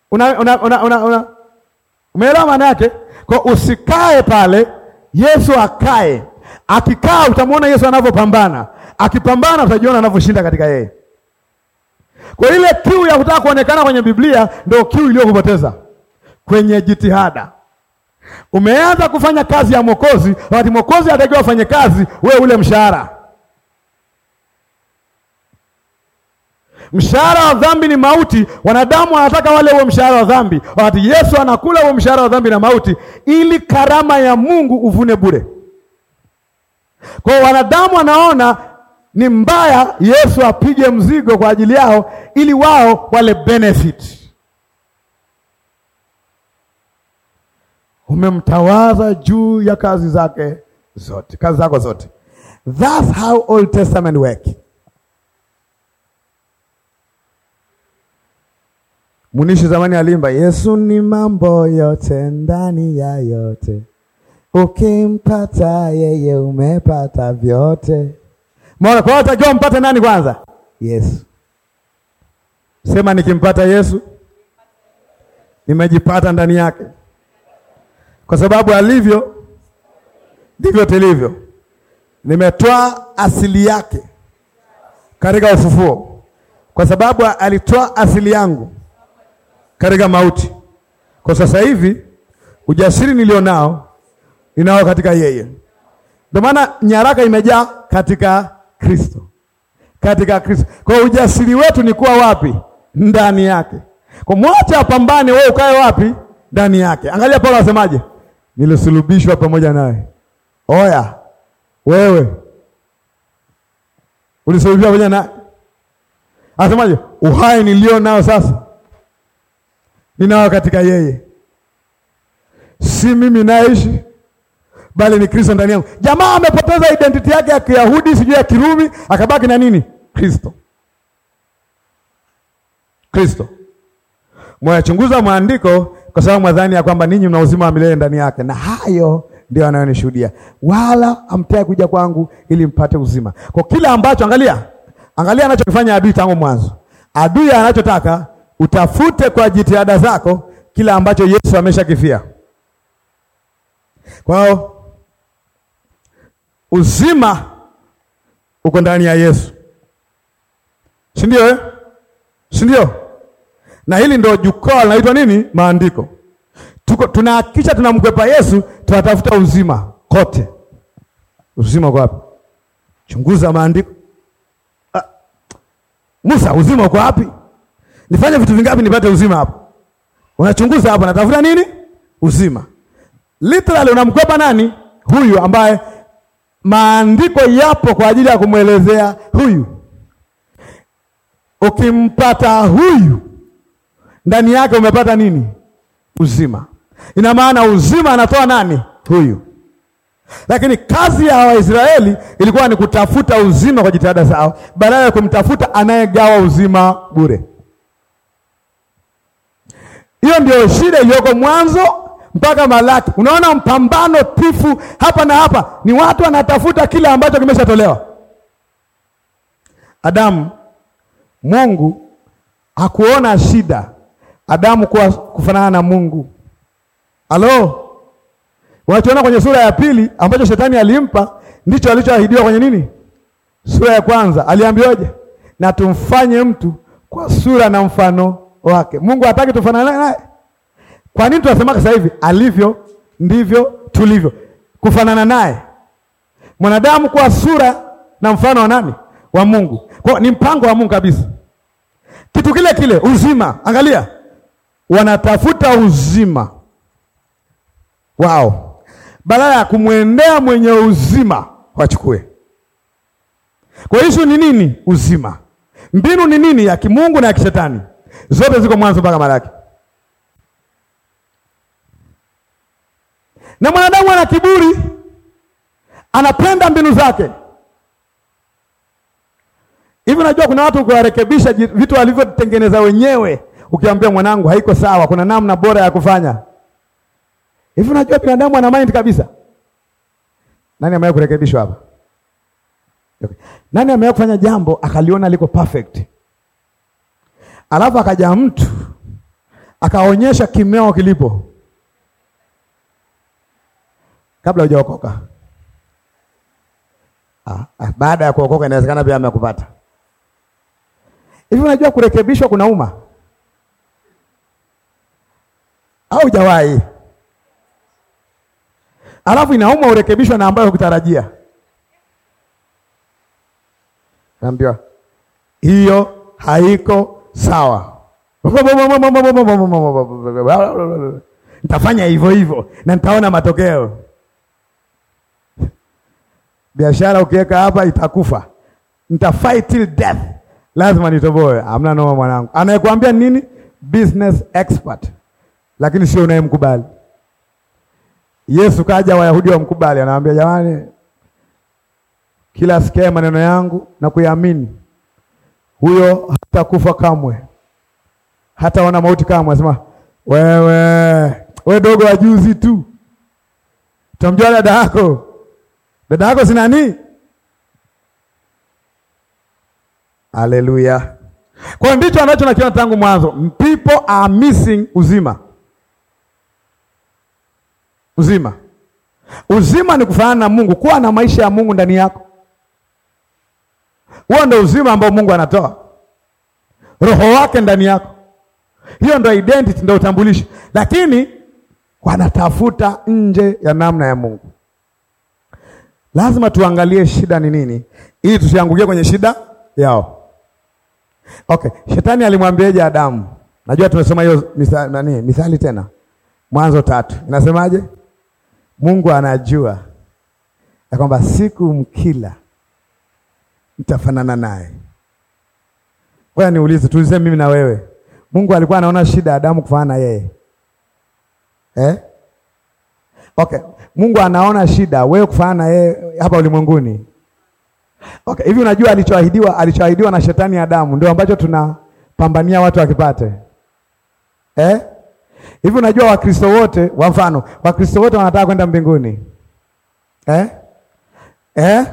una, una, una, una, una. Umeelewa maana yake? Kwa usikae pale, Yesu akae. Akikaa utamwona Yesu anavyopambana, akipambana utajiona anavyoshinda katika yeye. Kwa ile kiu ya kutaka kuonekana kwenye Biblia ndio kiu iliyokupoteza kwenye jitihada. Umeanza kufanya kazi ya Mwokozi, wakati Mwokozi atakiwa afanye kazi, we ule mshahara Mshahara wa dhambi ni mauti. Wanadamu wanataka wale huo mshahara wa dhambi, wakati Yesu anakula huo mshahara wa dhambi na mauti, ili karama ya Mungu uvune bure. Kwa hiyo wanadamu wanaona ni mbaya Yesu apige mzigo kwa ajili yao, ili wao wale benefit. Umemtawaza juu ya kazi zake zote, kazi zako zote. That's how Old Testament work Munishi zamani alimba Yesu ni mambo yote ndani ya yote, ukimpata yeye umepata vyote. Mbona kwa watakiwa mpate nani kwanza? Yesu. Sema nikimpata Yesu nimejipata ndani yake, kwa sababu alivyo ndivyo tilivyo. Nimetoa asili yake katika ufufuo, kwa sababu alitoa asili yangu katika mauti. Kwa sasa hivi ujasiri nilionao ninao katika yeye. Ndio maana nyaraka imejaa katika Kristo, katika Kristo. Kwa ujasiri wetu ni kuwa wapi? Ndani yake. Kwa mwacha apambane, wewe ukae wapi? Ndani yake. Angalia Paulo asemaje, nilisulubishwa pamoja naye. Oya wewe ulisulubishwa pamoja naye, asemaje? Uhai nilio nao sasa ninao katika yeye, si mimi naishi bali ni Kristo ndani yangu. Jamaa amepoteza identity yake ya Kiyahudi, sijui ya Kirumi, akabaki na nini? Kristo, Kristo. Mwachunguza maandiko kwa sababu mwadhani ya kwamba ninyi mna uzima wa milele ndani yake, na hayo ndio anayonishuhudia, wala amtaye kuja kwangu ili mpate uzima. Kwa kila ambacho, angalia, angalia anachokifanya adui tangu mwanzo. Adui anachotaka utafute kwa jitihada zako kila ambacho Yesu ameshakifia kwao. Uzima uko ndani ya Yesu, si ndio eh? si ndio? Na hili ndio jukwaa linaitwa nini? Maandiko. Tuko tunahakisha tunamkwepa Yesu, tunatafuta uzima kote. Uzima uko wapi? Chunguza maandiko. Ah, Musa, uzima uko wapi? nifanye vitu vingapi nipate uzima hapo? Unachunguza hapo, natafuta nini? Uzima. Literally unamkopa nani? Huyu ambaye maandiko yapo kwa ajili ya kumwelezea huyu. Ukimpata huyu, ndani yake umepata nini? Uzima. Ina maana uzima anatoa nani? Huyu. Lakini kazi ya Waisraeli ilikuwa ni kutafuta uzima kwa jitihada zao, badala ya kumtafuta anayegawa uzima bure. Hiyo ndio shida iliyoko Mwanzo mpaka Malaki. Unaona mpambano tifu hapa na hapa, ni watu wanatafuta kile ambacho kimeshatolewa. Adamu, Mungu hakuona shida Adamu kuwa kufanana na Mungu. Alo, unachoona kwenye sura ya pili ambacho shetani alimpa ndicho alichoahidiwa kwenye nini? Sura ya kwanza aliambiwaje? Na tumfanye mtu kwa sura na mfano wake. Mungu hataki tufanane naye. Kwa nini tunasema sasa hivi alivyo ndivyo tulivyo? Kufanana naye. Mwanadamu kwa sura na mfano wa nani? Wa Mungu. Kwa ni mpango wa Mungu kabisa. Kitu kile kile uzima. Angalia. Wanatafuta uzima wao badala ya kumwendea mwenye uzima wachukue. Kwa hiyo ni nini uzima? Mbinu ni nini ya kimungu na ya kishetani? zote ziko Mwanzo mpaka Malaki. Na mwanadamu ana kiburi, anapenda mbinu zake hivi. Unajua kuna watu ukiwarekebisha vitu walivyotengeneza wenyewe, ukiambia mwanangu, haiko sawa, kuna namna bora ya kufanya hivi. Unajua binadamu ana mind kabisa. Nani amewahi kurekebishwa hapa? Okay. Nani amewahi kufanya jambo akaliona liko perfect Alafu akaja mtu akaonyesha kimeo kilipo kabla hujaokoka. Ah, ah, baada ya kuokoka inawezekana pia amekupata hivi. Unajua kurekebishwa kunauma au jawai alafu inauma urekebishwa na ambayo ukitarajia Naambiwa hiyo haiko sawa, nitafanya hivyo hivyo na nitaona matokeo. Biashara ukiweka hapa itakufa, nitafight till death, lazima nitoboe. Amna noma, mwanangu. Anayekwambia nini? Business expert, lakini sio unayemkubali. Yesu kaja, Wayahudi wamkubali, anawaambia jamani, kila sikia maneno yangu na kuyaamini huyo hatakufa kamwe, hata ona mauti kamwe. Asema wewe, we dogo wa juzi tu, tamjua dada yako, dada yako si nani? Haleluya! Kwa ndicho anacho nakiona tangu mwanzo, people are missing uzima. Uzima, uzima ni kufanana na Mungu, kuwa na maisha ya Mungu ndani yako huo ndio uzima ambao Mungu anatoa roho wake ndani yako. Hiyo ndio identity, ndio utambulisho, lakini wanatafuta nje ya namna ya Mungu. Lazima tuangalie shida ni nini, ili tusiangukie kwenye shida yao. Okay, shetani alimwambiaje Adamu? Najua tumesoma hiyo mithali, nani mithali tena, Mwanzo tatu inasemaje? Mungu anajua ya kwamba siku mkila mtafanana naye. Wewe niulize, tuulize mimi na wewe, Mungu alikuwa anaona shida Adamu kufanana na yeye eh? Okay, Mungu anaona shida wewe kufanana na yeye hapa ulimwenguni Okay, hivi unajua alichoahidiwa alichoahidiwa na shetani Adamu ndio ambacho tunapambania watu wakipate. Eh? Hivi unajua Wakristo wote, kwa mfano, Wakristo wote wanataka kwenda mbinguni. Eh? Eh?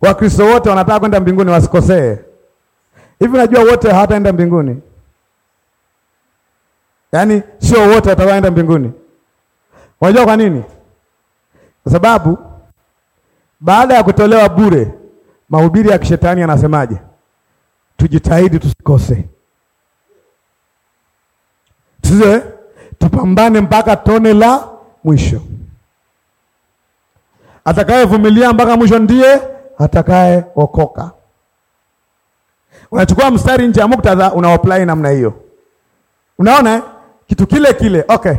Wakristo wote wanataka kwenda mbinguni wasikosee. Hivi najua wote hawataenda mbinguni, yaani sio wote watawaenda mbinguni. Unajua kwa nini? Kwa sababu baada ya kutolewa bure, mahubiri ya kishetani yanasemaje? Tujitahidi tusikose, tusiwe eh? tupambane mpaka tone la mwisho, atakayevumilia mpaka mwisho ndiye atakaye okoka. Unachukua mstari nje ya muktadha, unaapply namna hiyo. Unaona kitu kile kile, okay.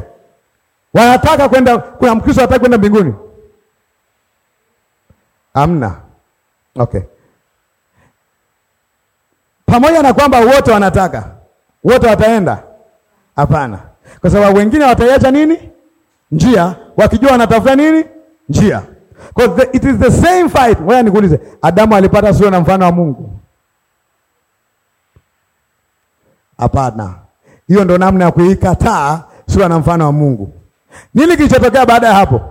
Wanataka kwenda, kuna Mkristo anataka kwenda mbinguni? Amna. Okay, pamoja na kwamba wote wanataka, wote wataenda? Hapana, kwa sababu wengine wataiacha nini njia, wakijua wanatafuta nini njia Because it is the same fight. Ngoja nikuulize, Adamu alipata sura na mfano wa Mungu? Hapana. Hiyo ndo namna ya kuikataa sura na mfano wa Mungu. Nini kilichotokea baada ya hapo?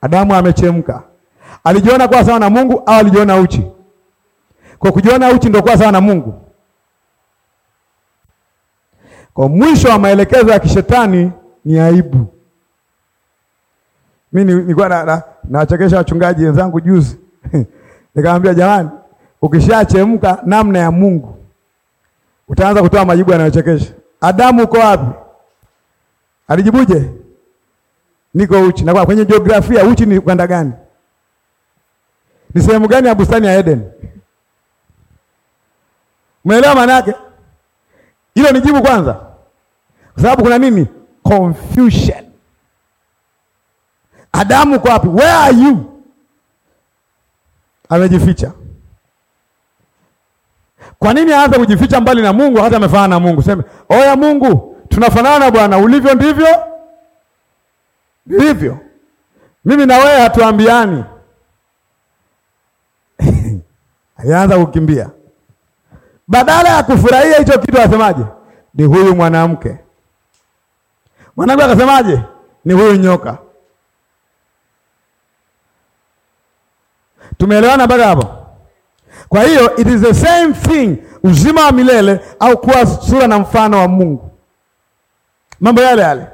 Adamu amechemka. Alijiona kuwa sawa na Mungu au alijiona uchi? Kwa kujiona uchi ndio kuwa sawa na Mungu. Kwa mwisho wa maelekezo ya kishetani ni aibu. Mimi nilikuwa na nawachekesha na wachungaji wenzangu juzi. Nikamwambia jamani, ukishachemka namna ya Mungu utaanza kutoa majibu yanayochekesha. Adamu uko wapi? Alijibuje? Niko uchi. Na kwenye jiografia uchi ni kwenda gani? Ni sehemu gani ya bustani ya Eden? Umeelewa maana yake? Hilo ni jibu kwanza. Kwa sababu kuna nini? Confusion. Adamu uko wapi? Where are you? Amejificha. Kwa nini aanza kujificha mbali na Mungu hata amefanana na Mungu? Sema, "Oya oh Mungu, tunafanana Bwana, ulivyo ndivyo ndivyo." Mimi na wewe hatuambiani. Alianza kukimbia. Badala ya kufurahia hicho kitu asemaje? Ni huyu mwanamke. Mwanamke akasemaje? Ni huyu nyoka. Tumeelewana mpaka hapo? Kwa hiyo it is the same thing, uzima wa milele au kuwa sura na mfano wa Mungu, mambo yale yale.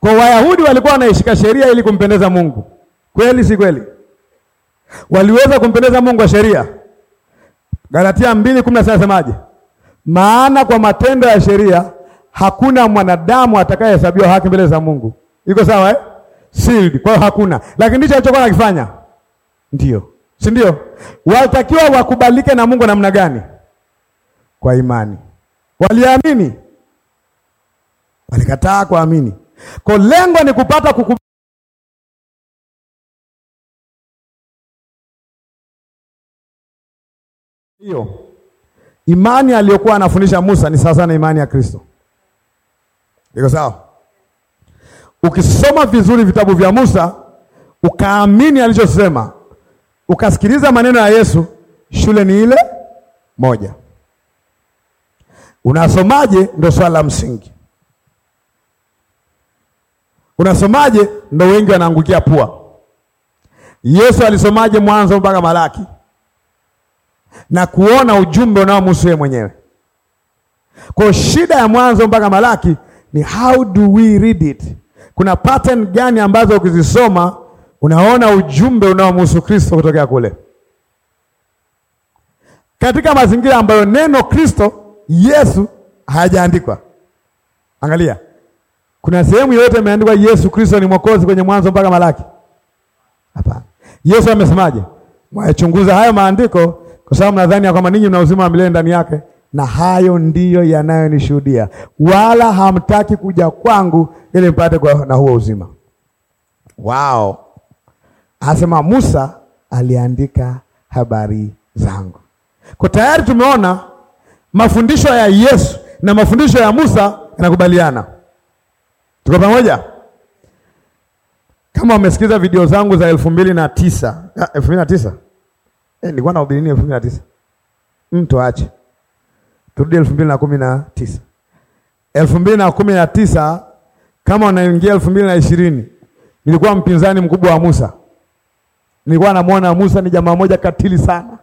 Kwa Wayahudi walikuwa wanaishika sheria ili kumpendeza Mungu, kweli si kweli? Waliweza kumpendeza Mungu wa sheria. Galatia 2:16 nasemaje? Maana kwa matendo ya sheria hakuna mwanadamu atakayehesabiwa haki mbele za Mungu. Iko sawa eh? Sealed. Kwa hiyo hakuna, lakini ndicho alichokuwa anakifanya. Ndio, si ndio? wakubalike na Mungu namna gani? Kwa imani. Waliamini? Walikataa kuamini. Kwa lengo ni kupata kuku hiyo imani aliyokuwa anafundisha Musa ni sawasawa na imani ya Kristo. Iko sawa? Ukisoma vizuri vitabu vya Musa ukaamini alichosema ukasikiliza maneno ya Yesu, shule ni ile moja. Unasomaje ndo swala la msingi. Unasomaje ndo wengi wanaangukia pua. Yesu alisomaje Mwanzo mpaka Malaki na kuona ujumbe unaomhusu yeye mwenyewe. Kwa shida ya Mwanzo mpaka Malaki ni how do we read it? Kuna pattern gani ambazo ukizisoma Unaona ujumbe unaomhusu Kristo kutokea kule, katika mazingira ambayo neno Kristo Yesu hajaandikwa. Angalia, kuna sehemu yoyote imeandikwa Yesu Kristo ni mwokozi kwenye Mwanzo mpaka Malaki? Hapana. Yesu amesemaje? Mwachunguza hayo maandiko, kwa sababu nadhani ya kwamba ninyi mna uzima wa milele ndani yake, na hayo ndiyo yanayonishuhudia, wala hamtaki kuja kwangu ili mpate kwa na huo uzima. Wow. Anasema Musa aliandika habari zangu. Kwa tayari tumeona mafundisho ya Yesu na mafundisho ya Musa yanakubaliana. Tuko pamoja? Kama umesikiza video zangu za elfu mbili na tisa ah, elfu mbili na tisa eh, nilikuwa nahubiri nini elfu mbili na tisa mtu mm, ache turudi elfu mbili na kumi na tisa elfu mbili na kumi na tisa kama unaingia elfu mbili na ishirini nilikuwa mpinzani mkubwa wa Musa Nilikuwa namwona Musa ni jamaa moja katili sana.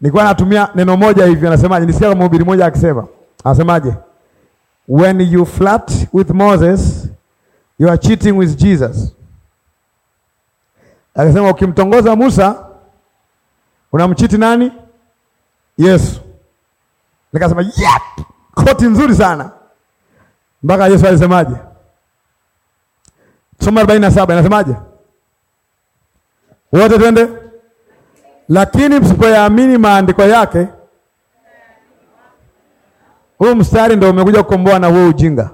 Nilikuwa natumia neno moja hivi, anasemaje? Nisikia kama mhubiri mmoja akisema, anasemaje? When you flirt with Moses, you are cheating with Jesus. Akasema ukimtongoza Musa unamchiti nani? Yesu. Nikasema, "Yep! Koti nzuri sana." Mpaka Yesu alisemaje? Soma 47 inasemaje? wote twende. Lakini msipoyaamini maandiko yake. Huu mstari ndio umekuja kukomboa na huo ujinga.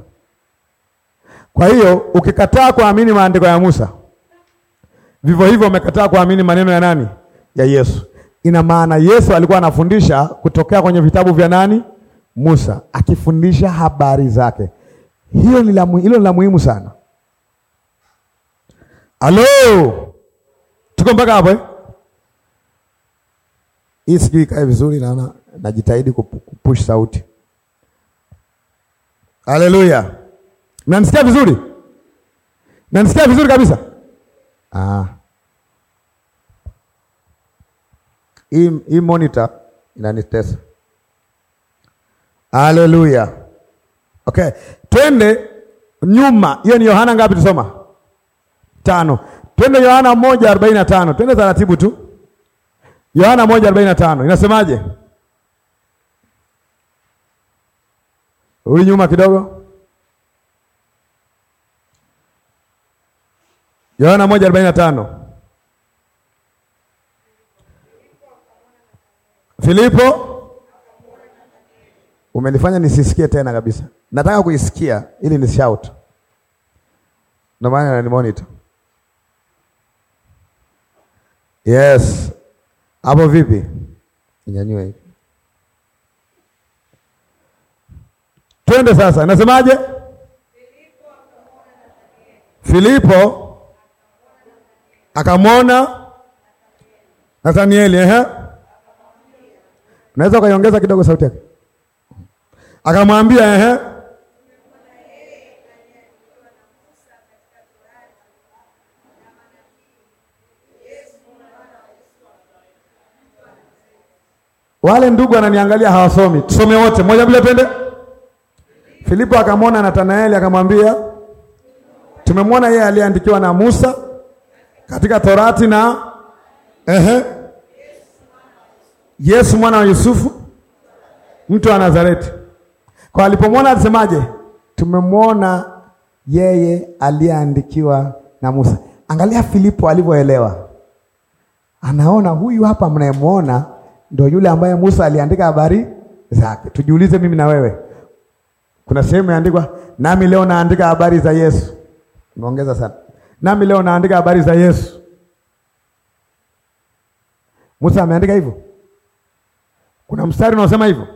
Kwa hiyo ukikataa kuamini maandiko ya Musa, vivyo hivyo umekataa kuamini maneno ya nani? Ya Yesu. Ina maana Yesu alikuwa anafundisha kutokea kwenye vitabu vya nani? Musa, akifundisha habari zake. Hiyo ni la, hilo ni la muhimu sana. Halo. Tuko mpaka hapo eh? Hii sijui ikae vizuri, naona najitahidi kupush sauti. Haleluya, mnanisikia vizuri? Mnanisikia vizuri kabisa? Ah. hii monitor inanitesa. Haleluya. Okay, twende nyuma. Hiyo ni Yohana ngapi? Tusoma tano. Twende Yohana 1:45. Twende taratibu tu. Yohana 1:45. Inasemaje? uli nyuma kidogo. Yohana 1:45. Filipo, umenifanya nisisikie tena kabisa. Nataka kuisikia ili ni shout. Ndio maana ni monitor. Yes. Hapo vipi? Nyanyua Twende sasa. Nasemaje? Filipo akamwona Nathanieli, ehe. Naweza ukaiongeza kidogo sauti yake. Akamwambia, ehe Wale ndugu ananiangalia hawasomi, tusome wote moja bila pende. Filipo akamwona natanaeli akamwambia, tumemwona yeye aliyeandikiwa na Musa katika Torati na ehe, Yesu mwana wa Yusufu mtu wa Nazareti. Kwa alipomwona alisemaje? Tumemwona yeye aliyeandikiwa na Musa. Angalia Filipo alivyoelewa, anaona huyu hapa mnayemwona ndio yule ambaye Musa aliandika habari zake. Tujiulize mimi na wewe, kuna sehemu imeandikwa nami leo naandika habari za Yesu. Nimeongeza sana, nami leo naandika habari za Yesu. Musa ameandika hivyo? Kuna mstari unaosema hivyo?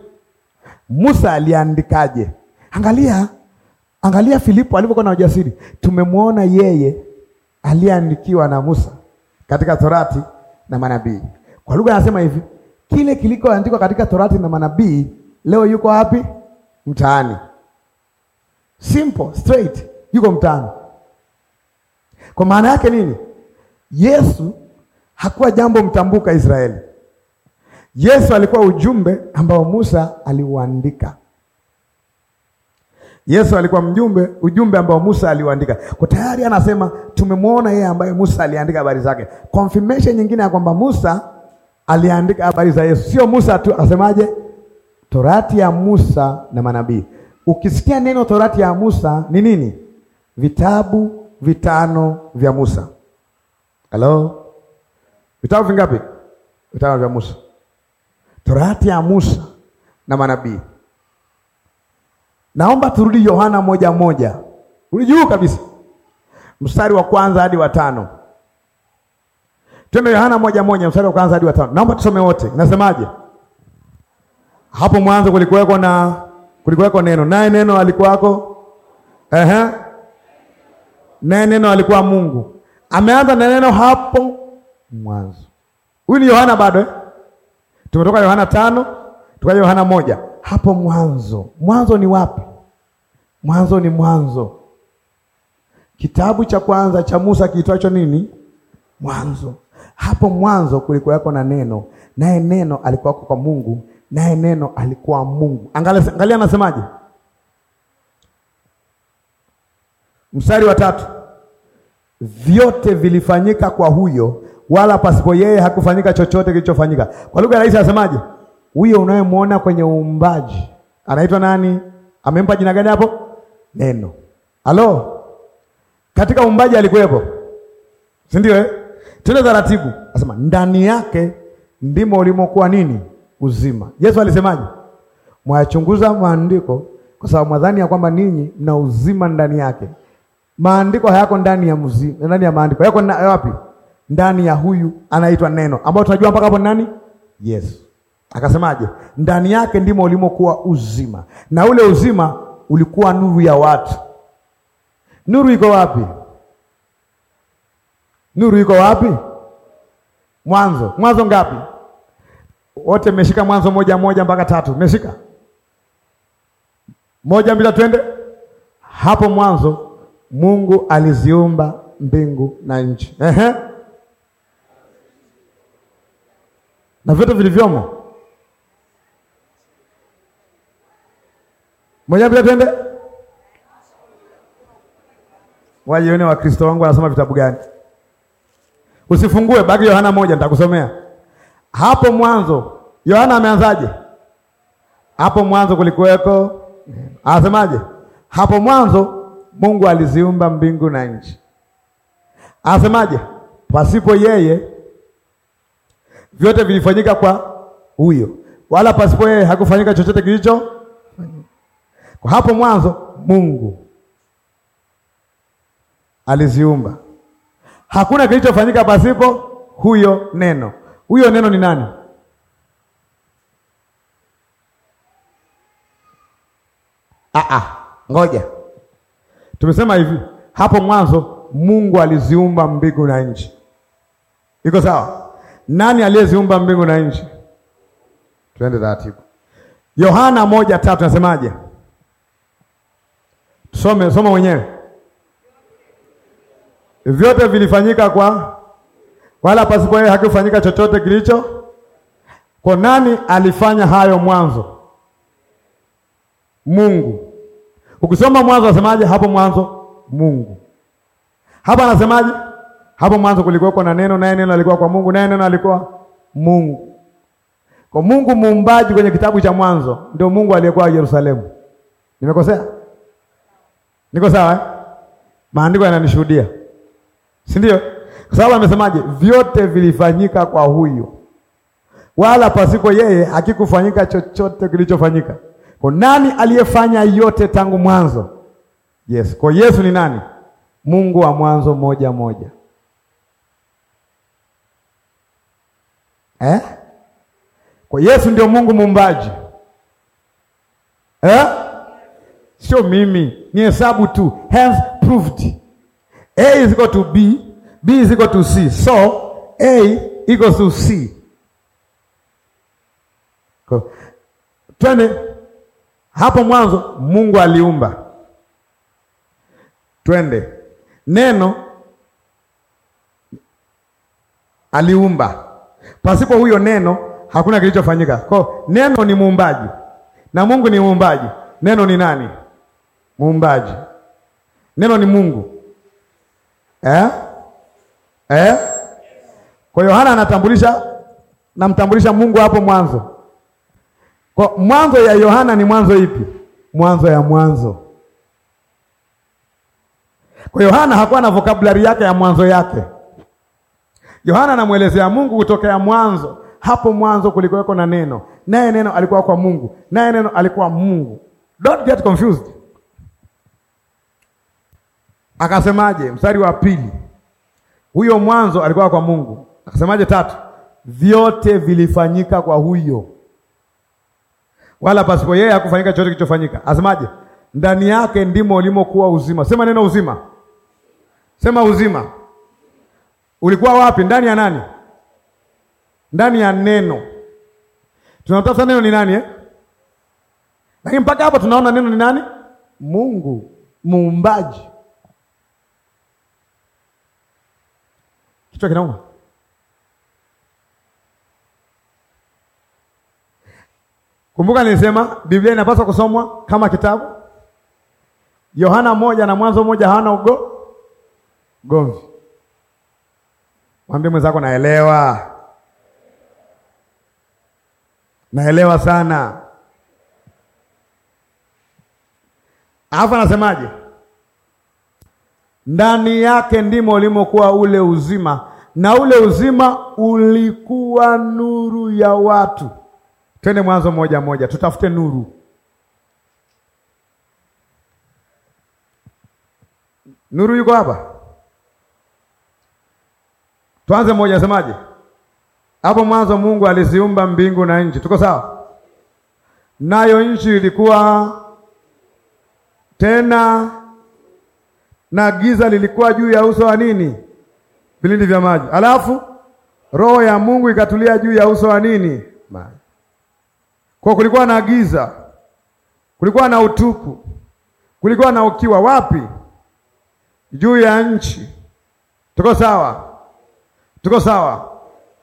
Musa aliandikaje? Angalia, angalia Filipo alivyokuwa na ujasiri. Tumemwona yeye aliyeandikiwa na Musa katika Torati na manabii. Kwa lugha anasema hivi kile kilikoandikwa katika Torati na manabii leo yuko wapi? Mtaani. Simple, straight, yuko mtaani. Kwa maana yake nini? Yesu hakuwa jambo mtambuka Israeli. Yesu alikuwa ujumbe ambao Musa aliuandika. Yesu alikuwa mjumbe, ujumbe ambao Musa aliuandika. Kwa tayari anasema tumemwona yeye ambaye Musa aliandika habari zake. Confirmation nyingine ya kwamba Musa aliandika habari za Yesu, sio Musa tu. Asemaje? Torati ya Musa na manabii. Ukisikia neno torati ya Musa ni nini? Vitabu vitano vya Musa. Halo, vitabu vingapi? Vitano vya Musa, torati ya Musa na manabii. Naomba turudi Yohana moja moja, rudi juu kabisa, mstari wa kwanza hadi wa tano. Twende Yohana moja moja mstari wa kwanza hadi wa tano. Naomba tusome wote. Nasemaje? Hapo mwanzo kulikuweko na kulikuweko neno, naye neno alikuwako. Ehe. Naye neno alikuwa Mungu. Ameanza na neno hapo mwanzo. Huyu ni Yohana bado eh? Tumetoka Yohana tano, tukaja Yohana moja. Hapo mwanzo. Mwanzo ni wapi? Mwanzo ni mwanzo. Kitabu cha kwanza cha Musa kiitwacho nini? Mwanzo hapo mwanzo kulikuwako na neno, naye neno alikuwako kwa Mungu, naye neno alikuwa Mungu. Angalia, angalia anasemaje? Mstari wa tatu, vyote vilifanyika kwa huyo, wala pasipo yeye hakufanyika chochote kilichofanyika. Kwa lugha rahisi anasemaje? Huyo unayemwona kwenye uumbaji anaitwa nani? Amempa jina gani hapo? Neno. Halo, katika uumbaji alikuwepo, si ndio? Eh? tena taratibu, asema ndani yake ndimo ulimokuwa nini? Uzima. Yesu alisemaje? Mwayachunguza maandiko kwa sababu mwadhani ya kwamba ninyi mna uzima ndani yake. Maandiko hayako ndani ya mzima, ndani ya maandiko yako na, wapi? Ndani ya huyu anaitwa Neno, ambao tunajua mpaka hapo nani? Yesu. Akasemaje? Ndani yake ndimo ulimokuwa uzima, na ule uzima ulikuwa nuru ya watu. Nuru iko wapi? Nuru iko wapi? Mwanzo. Mwanzo ngapi? Wote mmeshika Mwanzo moja moja mpaka tatu, mmeshika moja mbili twende hapo mwanzo. Mungu aliziumba mbingu na nchi, ehe, na vyote vilivyomo. Moja mbili twende. Wajione Wakristo wangu wanasoma vitabu gani? Usifungue baki Yohana moja, nitakusomea hapo mwanzo. Yohana ameanzaje? Hapo mwanzo kulikuweko, anasemaje? Hapo mwanzo Mungu aliziumba mbingu na nchi. Anasemaje? Pasipo yeye vyote vilifanyika kwa huyo, wala pasipo yeye hakufanyika chochote kilicho kwa. Hapo mwanzo Mungu aliziumba hakuna kilichofanyika pasipo huyo neno. Huyo neno ni nani? Aa, ngoja tumesema hivi hapo mwanzo, Mungu aliziumba mbingu na nchi, iko sawa? Nani aliyeziumba mbingu na nchi? Tuende taratibu. Yohana moja tatu nasemaje? Tusome, soma mwenyewe vyote vilifanyika kwa wala pasipo yeye hakufanyika chochote kilicho. Kwa nani alifanya hayo mwanzo? Mungu. Ukisoma mwanzo unasemaje? Hapo mwanzo Mungu. Hapa anasemaje? Hapo mwanzo kulikuwa na neno, naye neno alikuwa kwa Mungu, naye neno alikuwa Mungu. Kwa Mungu muumbaji kwenye kitabu cha Mwanzo ndio Mungu aliyekuwa Yerusalemu. Nimekosea? Niko sawa eh? Maandiko yananishuhudia si ndio? Kwa sababu amesemaje, vyote vilifanyika kwa huyo, wala pasipo yeye hakikufanyika chochote kilichofanyika. Kwa nani aliyefanya yote tangu mwanzo? yes Kwa Yesu ni nani? Mungu wa mwanzo moja moja, eh? Kwa Yesu ndio Mungu muumbaji eh? Sio mimi, ni hesabu tu, hence proved A is equal to B, B is equal to C. So A equals to C. Twende hapo mwanzo, Mungu aliumba. Twende neno aliumba, pasipo huyo neno hakuna kilichofanyika. Ko neno ni muumbaji na Mungu ni muumbaji. Neno ni nani? Muumbaji. Neno ni Mungu eh? Eh? Kwa Yohana anatambulisha, namtambulisha Mungu hapo mwanzo. Kwa mwanzo ya Yohana ni mwanzo ipi? Mwanzo ya mwanzo. Kwa Yohana hakuwa na vocabulary yake ya mwanzo yake. Yohana anamwelezea Mungu kutokea mwanzo. Hapo mwanzo kulikuweko na neno, naye neno alikuwa kwa Mungu, naye neno alikuwa Mungu. Don't get confused. Akasemaje? Mstari wa pili, huyo mwanzo alikuwa kwa Mungu. Akasemaje? Tatu, vyote vilifanyika kwa huyo, wala pasipo yeye hakufanyika chochote kilichofanyika. Asemaje? Ndani yake ndimo ulimokuwa uzima. Sema neno uzima, sema uzima. Ulikuwa wapi? Ndani ya nani? Ndani ya neno. Tunatafuta neno ni nani eh? Lakini mpaka hapo tunaona neno ni nani? Mungu muumbaji non. Kumbuka nilisema Biblia inapaswa kusomwa kama kitabu. Yohana moja na Mwanzo moja hana ugo gomvi. Mwambie mwenzako naelewa. Naelewa sana. Alafu anasemaje? Ndani yake ndimo ulimokuwa ule uzima, na ule uzima ulikuwa nuru ya watu. Twende Mwanzo moja moja, tutafute nuru. Nuru yuko hapa, tuanze moja. Semaje hapo? Mwanzo Mungu aliziumba mbingu na nchi, tuko sawa? Nayo nchi ilikuwa tena na giza lilikuwa juu ya uso wa nini? vilindi vya maji, alafu roho ya Mungu ikatulia juu ya uso wa nini maji. Kwa kulikuwa na giza, kulikuwa na utupu, kulikuwa na ukiwa. Wapi? Juu ya nchi. Tuko sawa? Tuko sawa.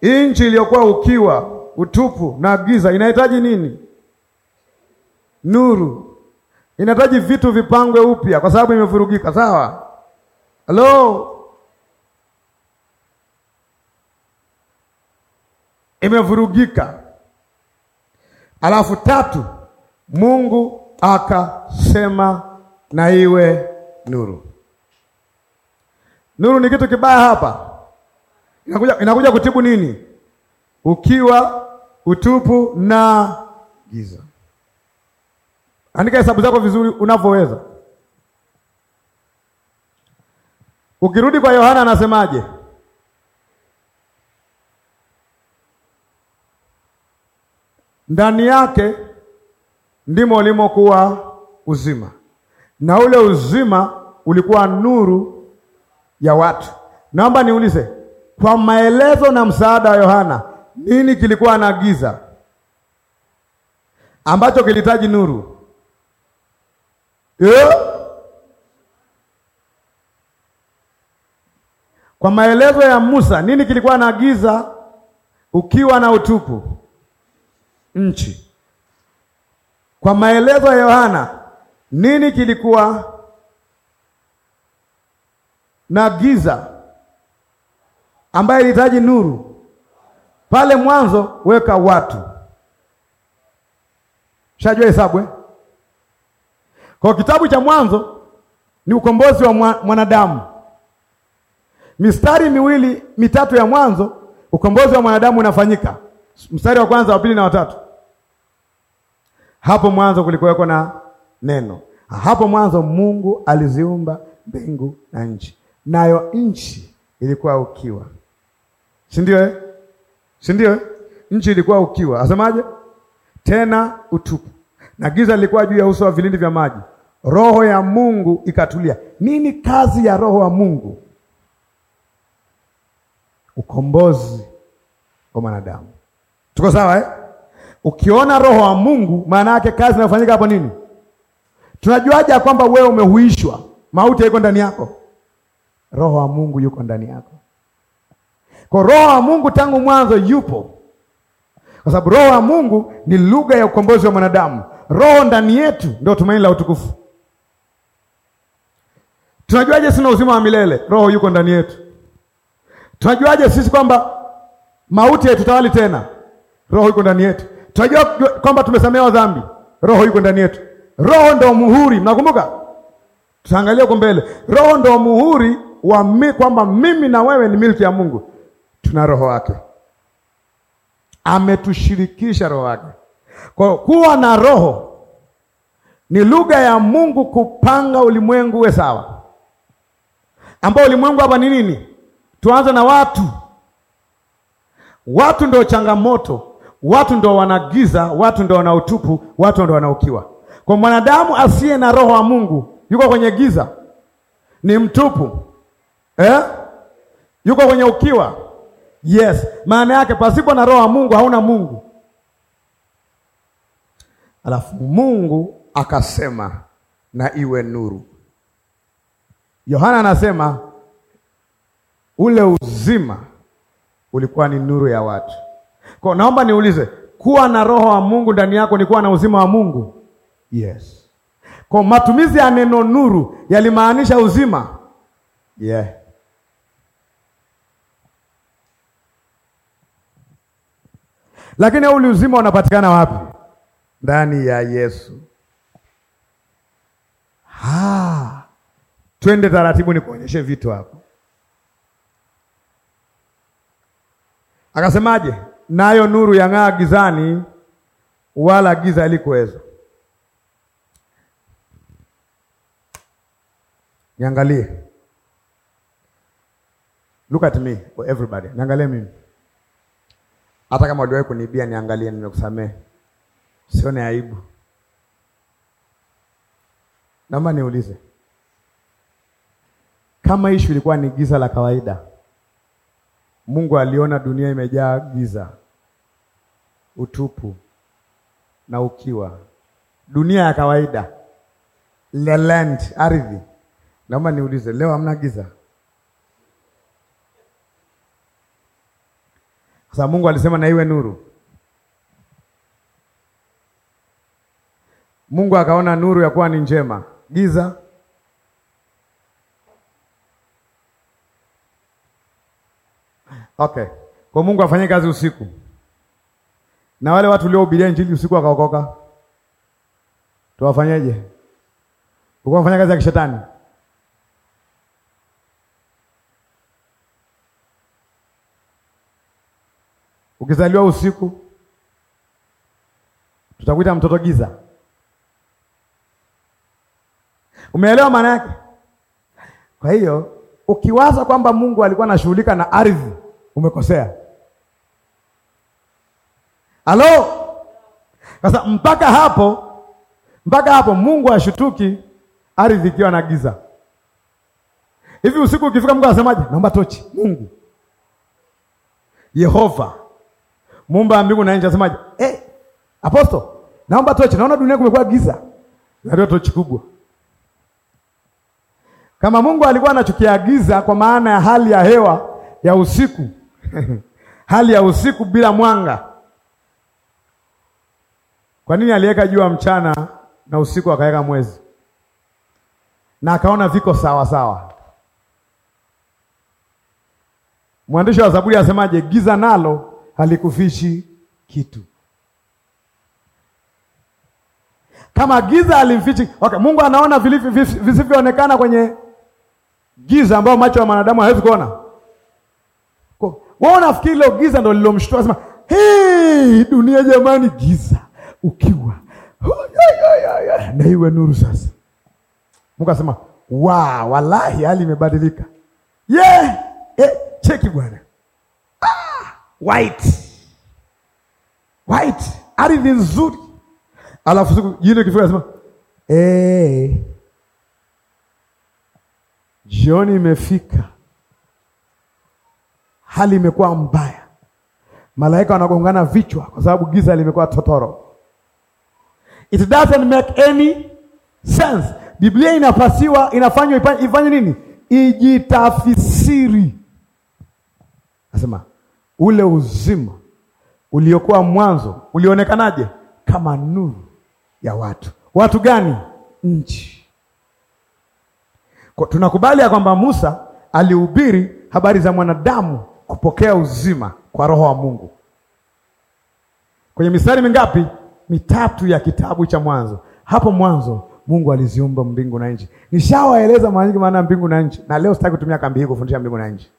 Nchi iliyokuwa ukiwa, utupu na giza inahitaji nini? Nuru. Inahitaji vitu vipangwe upya, kwa sababu imevurugika. Sawa? Hello? imevurugika. Alafu tatu, Mungu akasema na iwe nuru. Nuru ni kitu kibaya hapa. Inakuja, inakuja kutibu nini? Ukiwa utupu na giza. Andika hesabu zako vizuri unavyoweza. Ukirudi kwa Yohana anasemaje? ndani yake ndimo ulimokuwa uzima, na ule uzima ulikuwa nuru ya watu. Naomba niulize, kwa maelezo na msaada wa Yohana, nini kilikuwa na giza ambacho kilihitaji nuru? Yo? Kwa maelezo ya Musa, nini kilikuwa na giza ukiwa na utupu? nchi. Kwa maelezo ya Yohana, nini kilikuwa na giza ambaye ilihitaji nuru? Pale mwanzo weka watu. Shajua hesabu eh? Kwa kitabu cha Mwanzo ni ukombozi wa mwanadamu. Mistari miwili mitatu ya mwanzo ukombozi wa mwanadamu unafanyika mstari wa kwanza wa pili na watatu. Hapo mwanzo kulikuweko na neno, hapo mwanzo Mungu aliziumba mbingu na nchi, nayo nchi ilikuwa ukiwa, si ndio eh? si ndio eh? Nchi ilikuwa ukiwa, asemaje tena, utupu na giza lilikuwa juu ya uso wa vilindi vya maji, roho ya Mungu ikatulia. Nini kazi ya roho wa Mungu? Ukombozi kwa mwanadamu. Tuko sawa eh? Ukiona roho wa Mungu, maana yake kazi inafanyika hapo nini? Tunajuaje kwamba wewe umehuishwa? Mauti yako ndani yako, roho wa Mungu yuko ndani yako. Kwa roho wa Mungu tangu mwanzo yupo, kwa sababu roho wa Mungu ni lugha ya ukombozi wa mwanadamu. Roho ndani yetu ndio tumaini la utukufu. Tunajuaje sina uzima wa milele? Roho yuko ndani yetu. Tunajuaje sisi kwamba mauti haitutawali tena? Roho yuko ndani yetu, tunajua kwamba tumesamehewa dhambi. Roho yuko ndani yetu. Roho ndo muhuri, mnakumbuka? Tutaangalia huko mbele. Roho ndo muhuri wa mi, kwamba mimi na wewe ni milki ya Mungu, tuna roho wake, ametushirikisha roho wake. Kwa kuwa na roho ni lugha ya Mungu kupanga ulimwengu we sawa, ambao ulimwengu hapa ni nini? Tuanze na watu. Watu ndio changamoto Watu ndo wanagiza, watu ndo wana utupu, watu ndo wanaukiwa. Kwa mwanadamu asiye na roho wa Mungu yuko kwenye giza, ni mtupu eh? Yuko kwenye ukiwa. Yes, maana yake pasipo na roho wa Mungu hauna Mungu. Alafu Mungu akasema na iwe nuru. Yohana anasema ule uzima ulikuwa ni nuru ya watu. Kwa naomba niulize, kuwa na roho wa Mungu ndani yako ni kuwa na uzima wa Mungu? Yes. Kwa matumizi ya neno nuru yalimaanisha uzima. Yeah. Lakini ule uzima unapatikana wapi? Ndani ya Yesu. Ha. Twende taratibu nikuonyeshe vitu hapo. Akasemaje? nayo nuru yang'aa gizani, wala giza likuweza. Niangalie, look at me oh, everybody, niangalie mimi. Hata kama uliwahi kuniibia, niangalie, nimekusamehe, sione aibu. Naomba niulize, kama ishu ilikuwa ni giza la kawaida, Mungu aliona dunia imejaa giza utupu na ukiwa, dunia ya kawaida, land, ardhi. Naomba niulize leo, hamna giza? Sasa Mungu alisema na iwe nuru. Mungu akaona nuru ya kuwa ni njema. Giza okay, kwa Mungu afanye kazi usiku na wale watu waliohubiria injili usiku wakaokoka, tuwafanyeje? Ulikuwa unafanya kazi ya kishetani. Ukizaliwa usiku tutakuita mtoto giza. Umeelewa maana yake? Kwa hiyo ukiwaza kwamba Mungu alikuwa anashughulika na ardhi, umekosea. Halo? Sasa mpaka hapo, mpaka hapo Mungu ashutuki ardhi ikiwa na giza. Hivi usiku ukifika Mungu anasemaje? Naomba tochi. Mungu Yehova Muumba wa mbingu na nchi anasemaje? Eh, aposto, naomba tochi. Naona dunia kumekuwa giza. Ndio tochi kubwa. Kama Mungu alikuwa anachukia giza kwa maana ya hali ya hewa ya usiku hali ya usiku bila mwanga kwa nini aliweka jua mchana na usiku akaweka mwezi na akaona viko sawa sawa? Mwandishi wa Zaburi asemaje? Giza nalo halikufishi kitu. Kama giza alimfichi, okay, Mungu anaona visivyoonekana kwenye giza ambayo macho ya mwanadamu hawezi kuona. Wao nafikiri leo giza ndio lilomshtua, sema hey, dunia jamani, giza ukiwa na iwe nuru sasa. Mungu asema wa walahi, hali imebadilika. yeah! Eh, cheki bwana ah, white white, ardhi nzuri, alafu siku jioni kifika asema hey, eh, jioni imefika, hali imekuwa mbaya, malaika wanagongana vichwa kwa sababu giza limekuwa totoro. It doesn't make any sense. Biblia inafasiwa, inafanywa ifanye nini? Ijitafisiri. Nasema ule uzima uliokuwa mwanzo ulionekanaje? Kama nuru ya watu. Watu gani? Nchi. Kwa tunakubali ya kwamba Musa alihubiri habari za mwanadamu kupokea uzima kwa roho wa Mungu. Kwenye mistari mingapi? mitatu ya kitabu cha Mwanzo. Hapo mwanzo Mungu aliziumba mbingu na nchi. Nishawaeleza mara nyingi maana mbingu na nchi, na leo sitaki kutumia kambi hii kufundisha mbingu na nchi.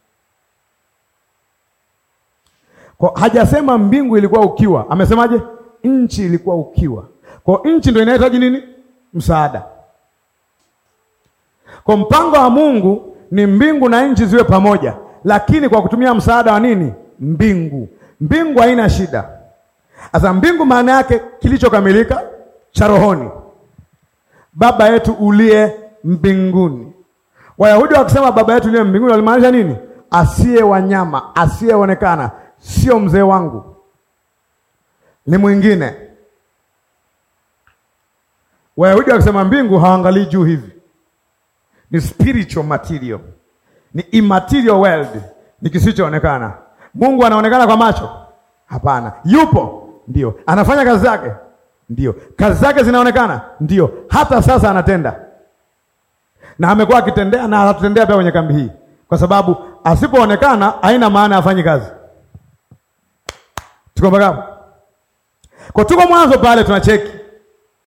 Kwa hajasema mbingu ilikuwa ukiwa, amesemaje? Nchi ilikuwa ukiwa. Kwa nchi ndio inahitaji nini? Msaada. Kwa mpango wa Mungu ni mbingu na nchi ziwe pamoja, lakini kwa kutumia msaada wa nini? Mbingu. Mbingu haina shida sasa mbingu maana yake kilichokamilika cha rohoni, baba yetu uliye mbinguni. Wayahudi wakisema baba yetu uliye mbinguni walimaanisha nini? Asiye wanyama, asiyeonekana, sio mzee wangu, ni mwingine. Wayahudi wakisema mbingu hawaangalii juu hivi, ni spiritual material, ni immaterial world, ni kisichoonekana. Mungu anaonekana kwa macho? Hapana, yupo ndio. Anafanya kazi zake? Ndio. Kazi zake zinaonekana? Ndio. Hata sasa anatenda. Na amekuwa akitendea na anatutendea pia kwenye kambi hii. Kwa sababu asipoonekana haina maana afanye kazi. Tuko mpaka. Kwa tuko mwanzo pale tunacheki.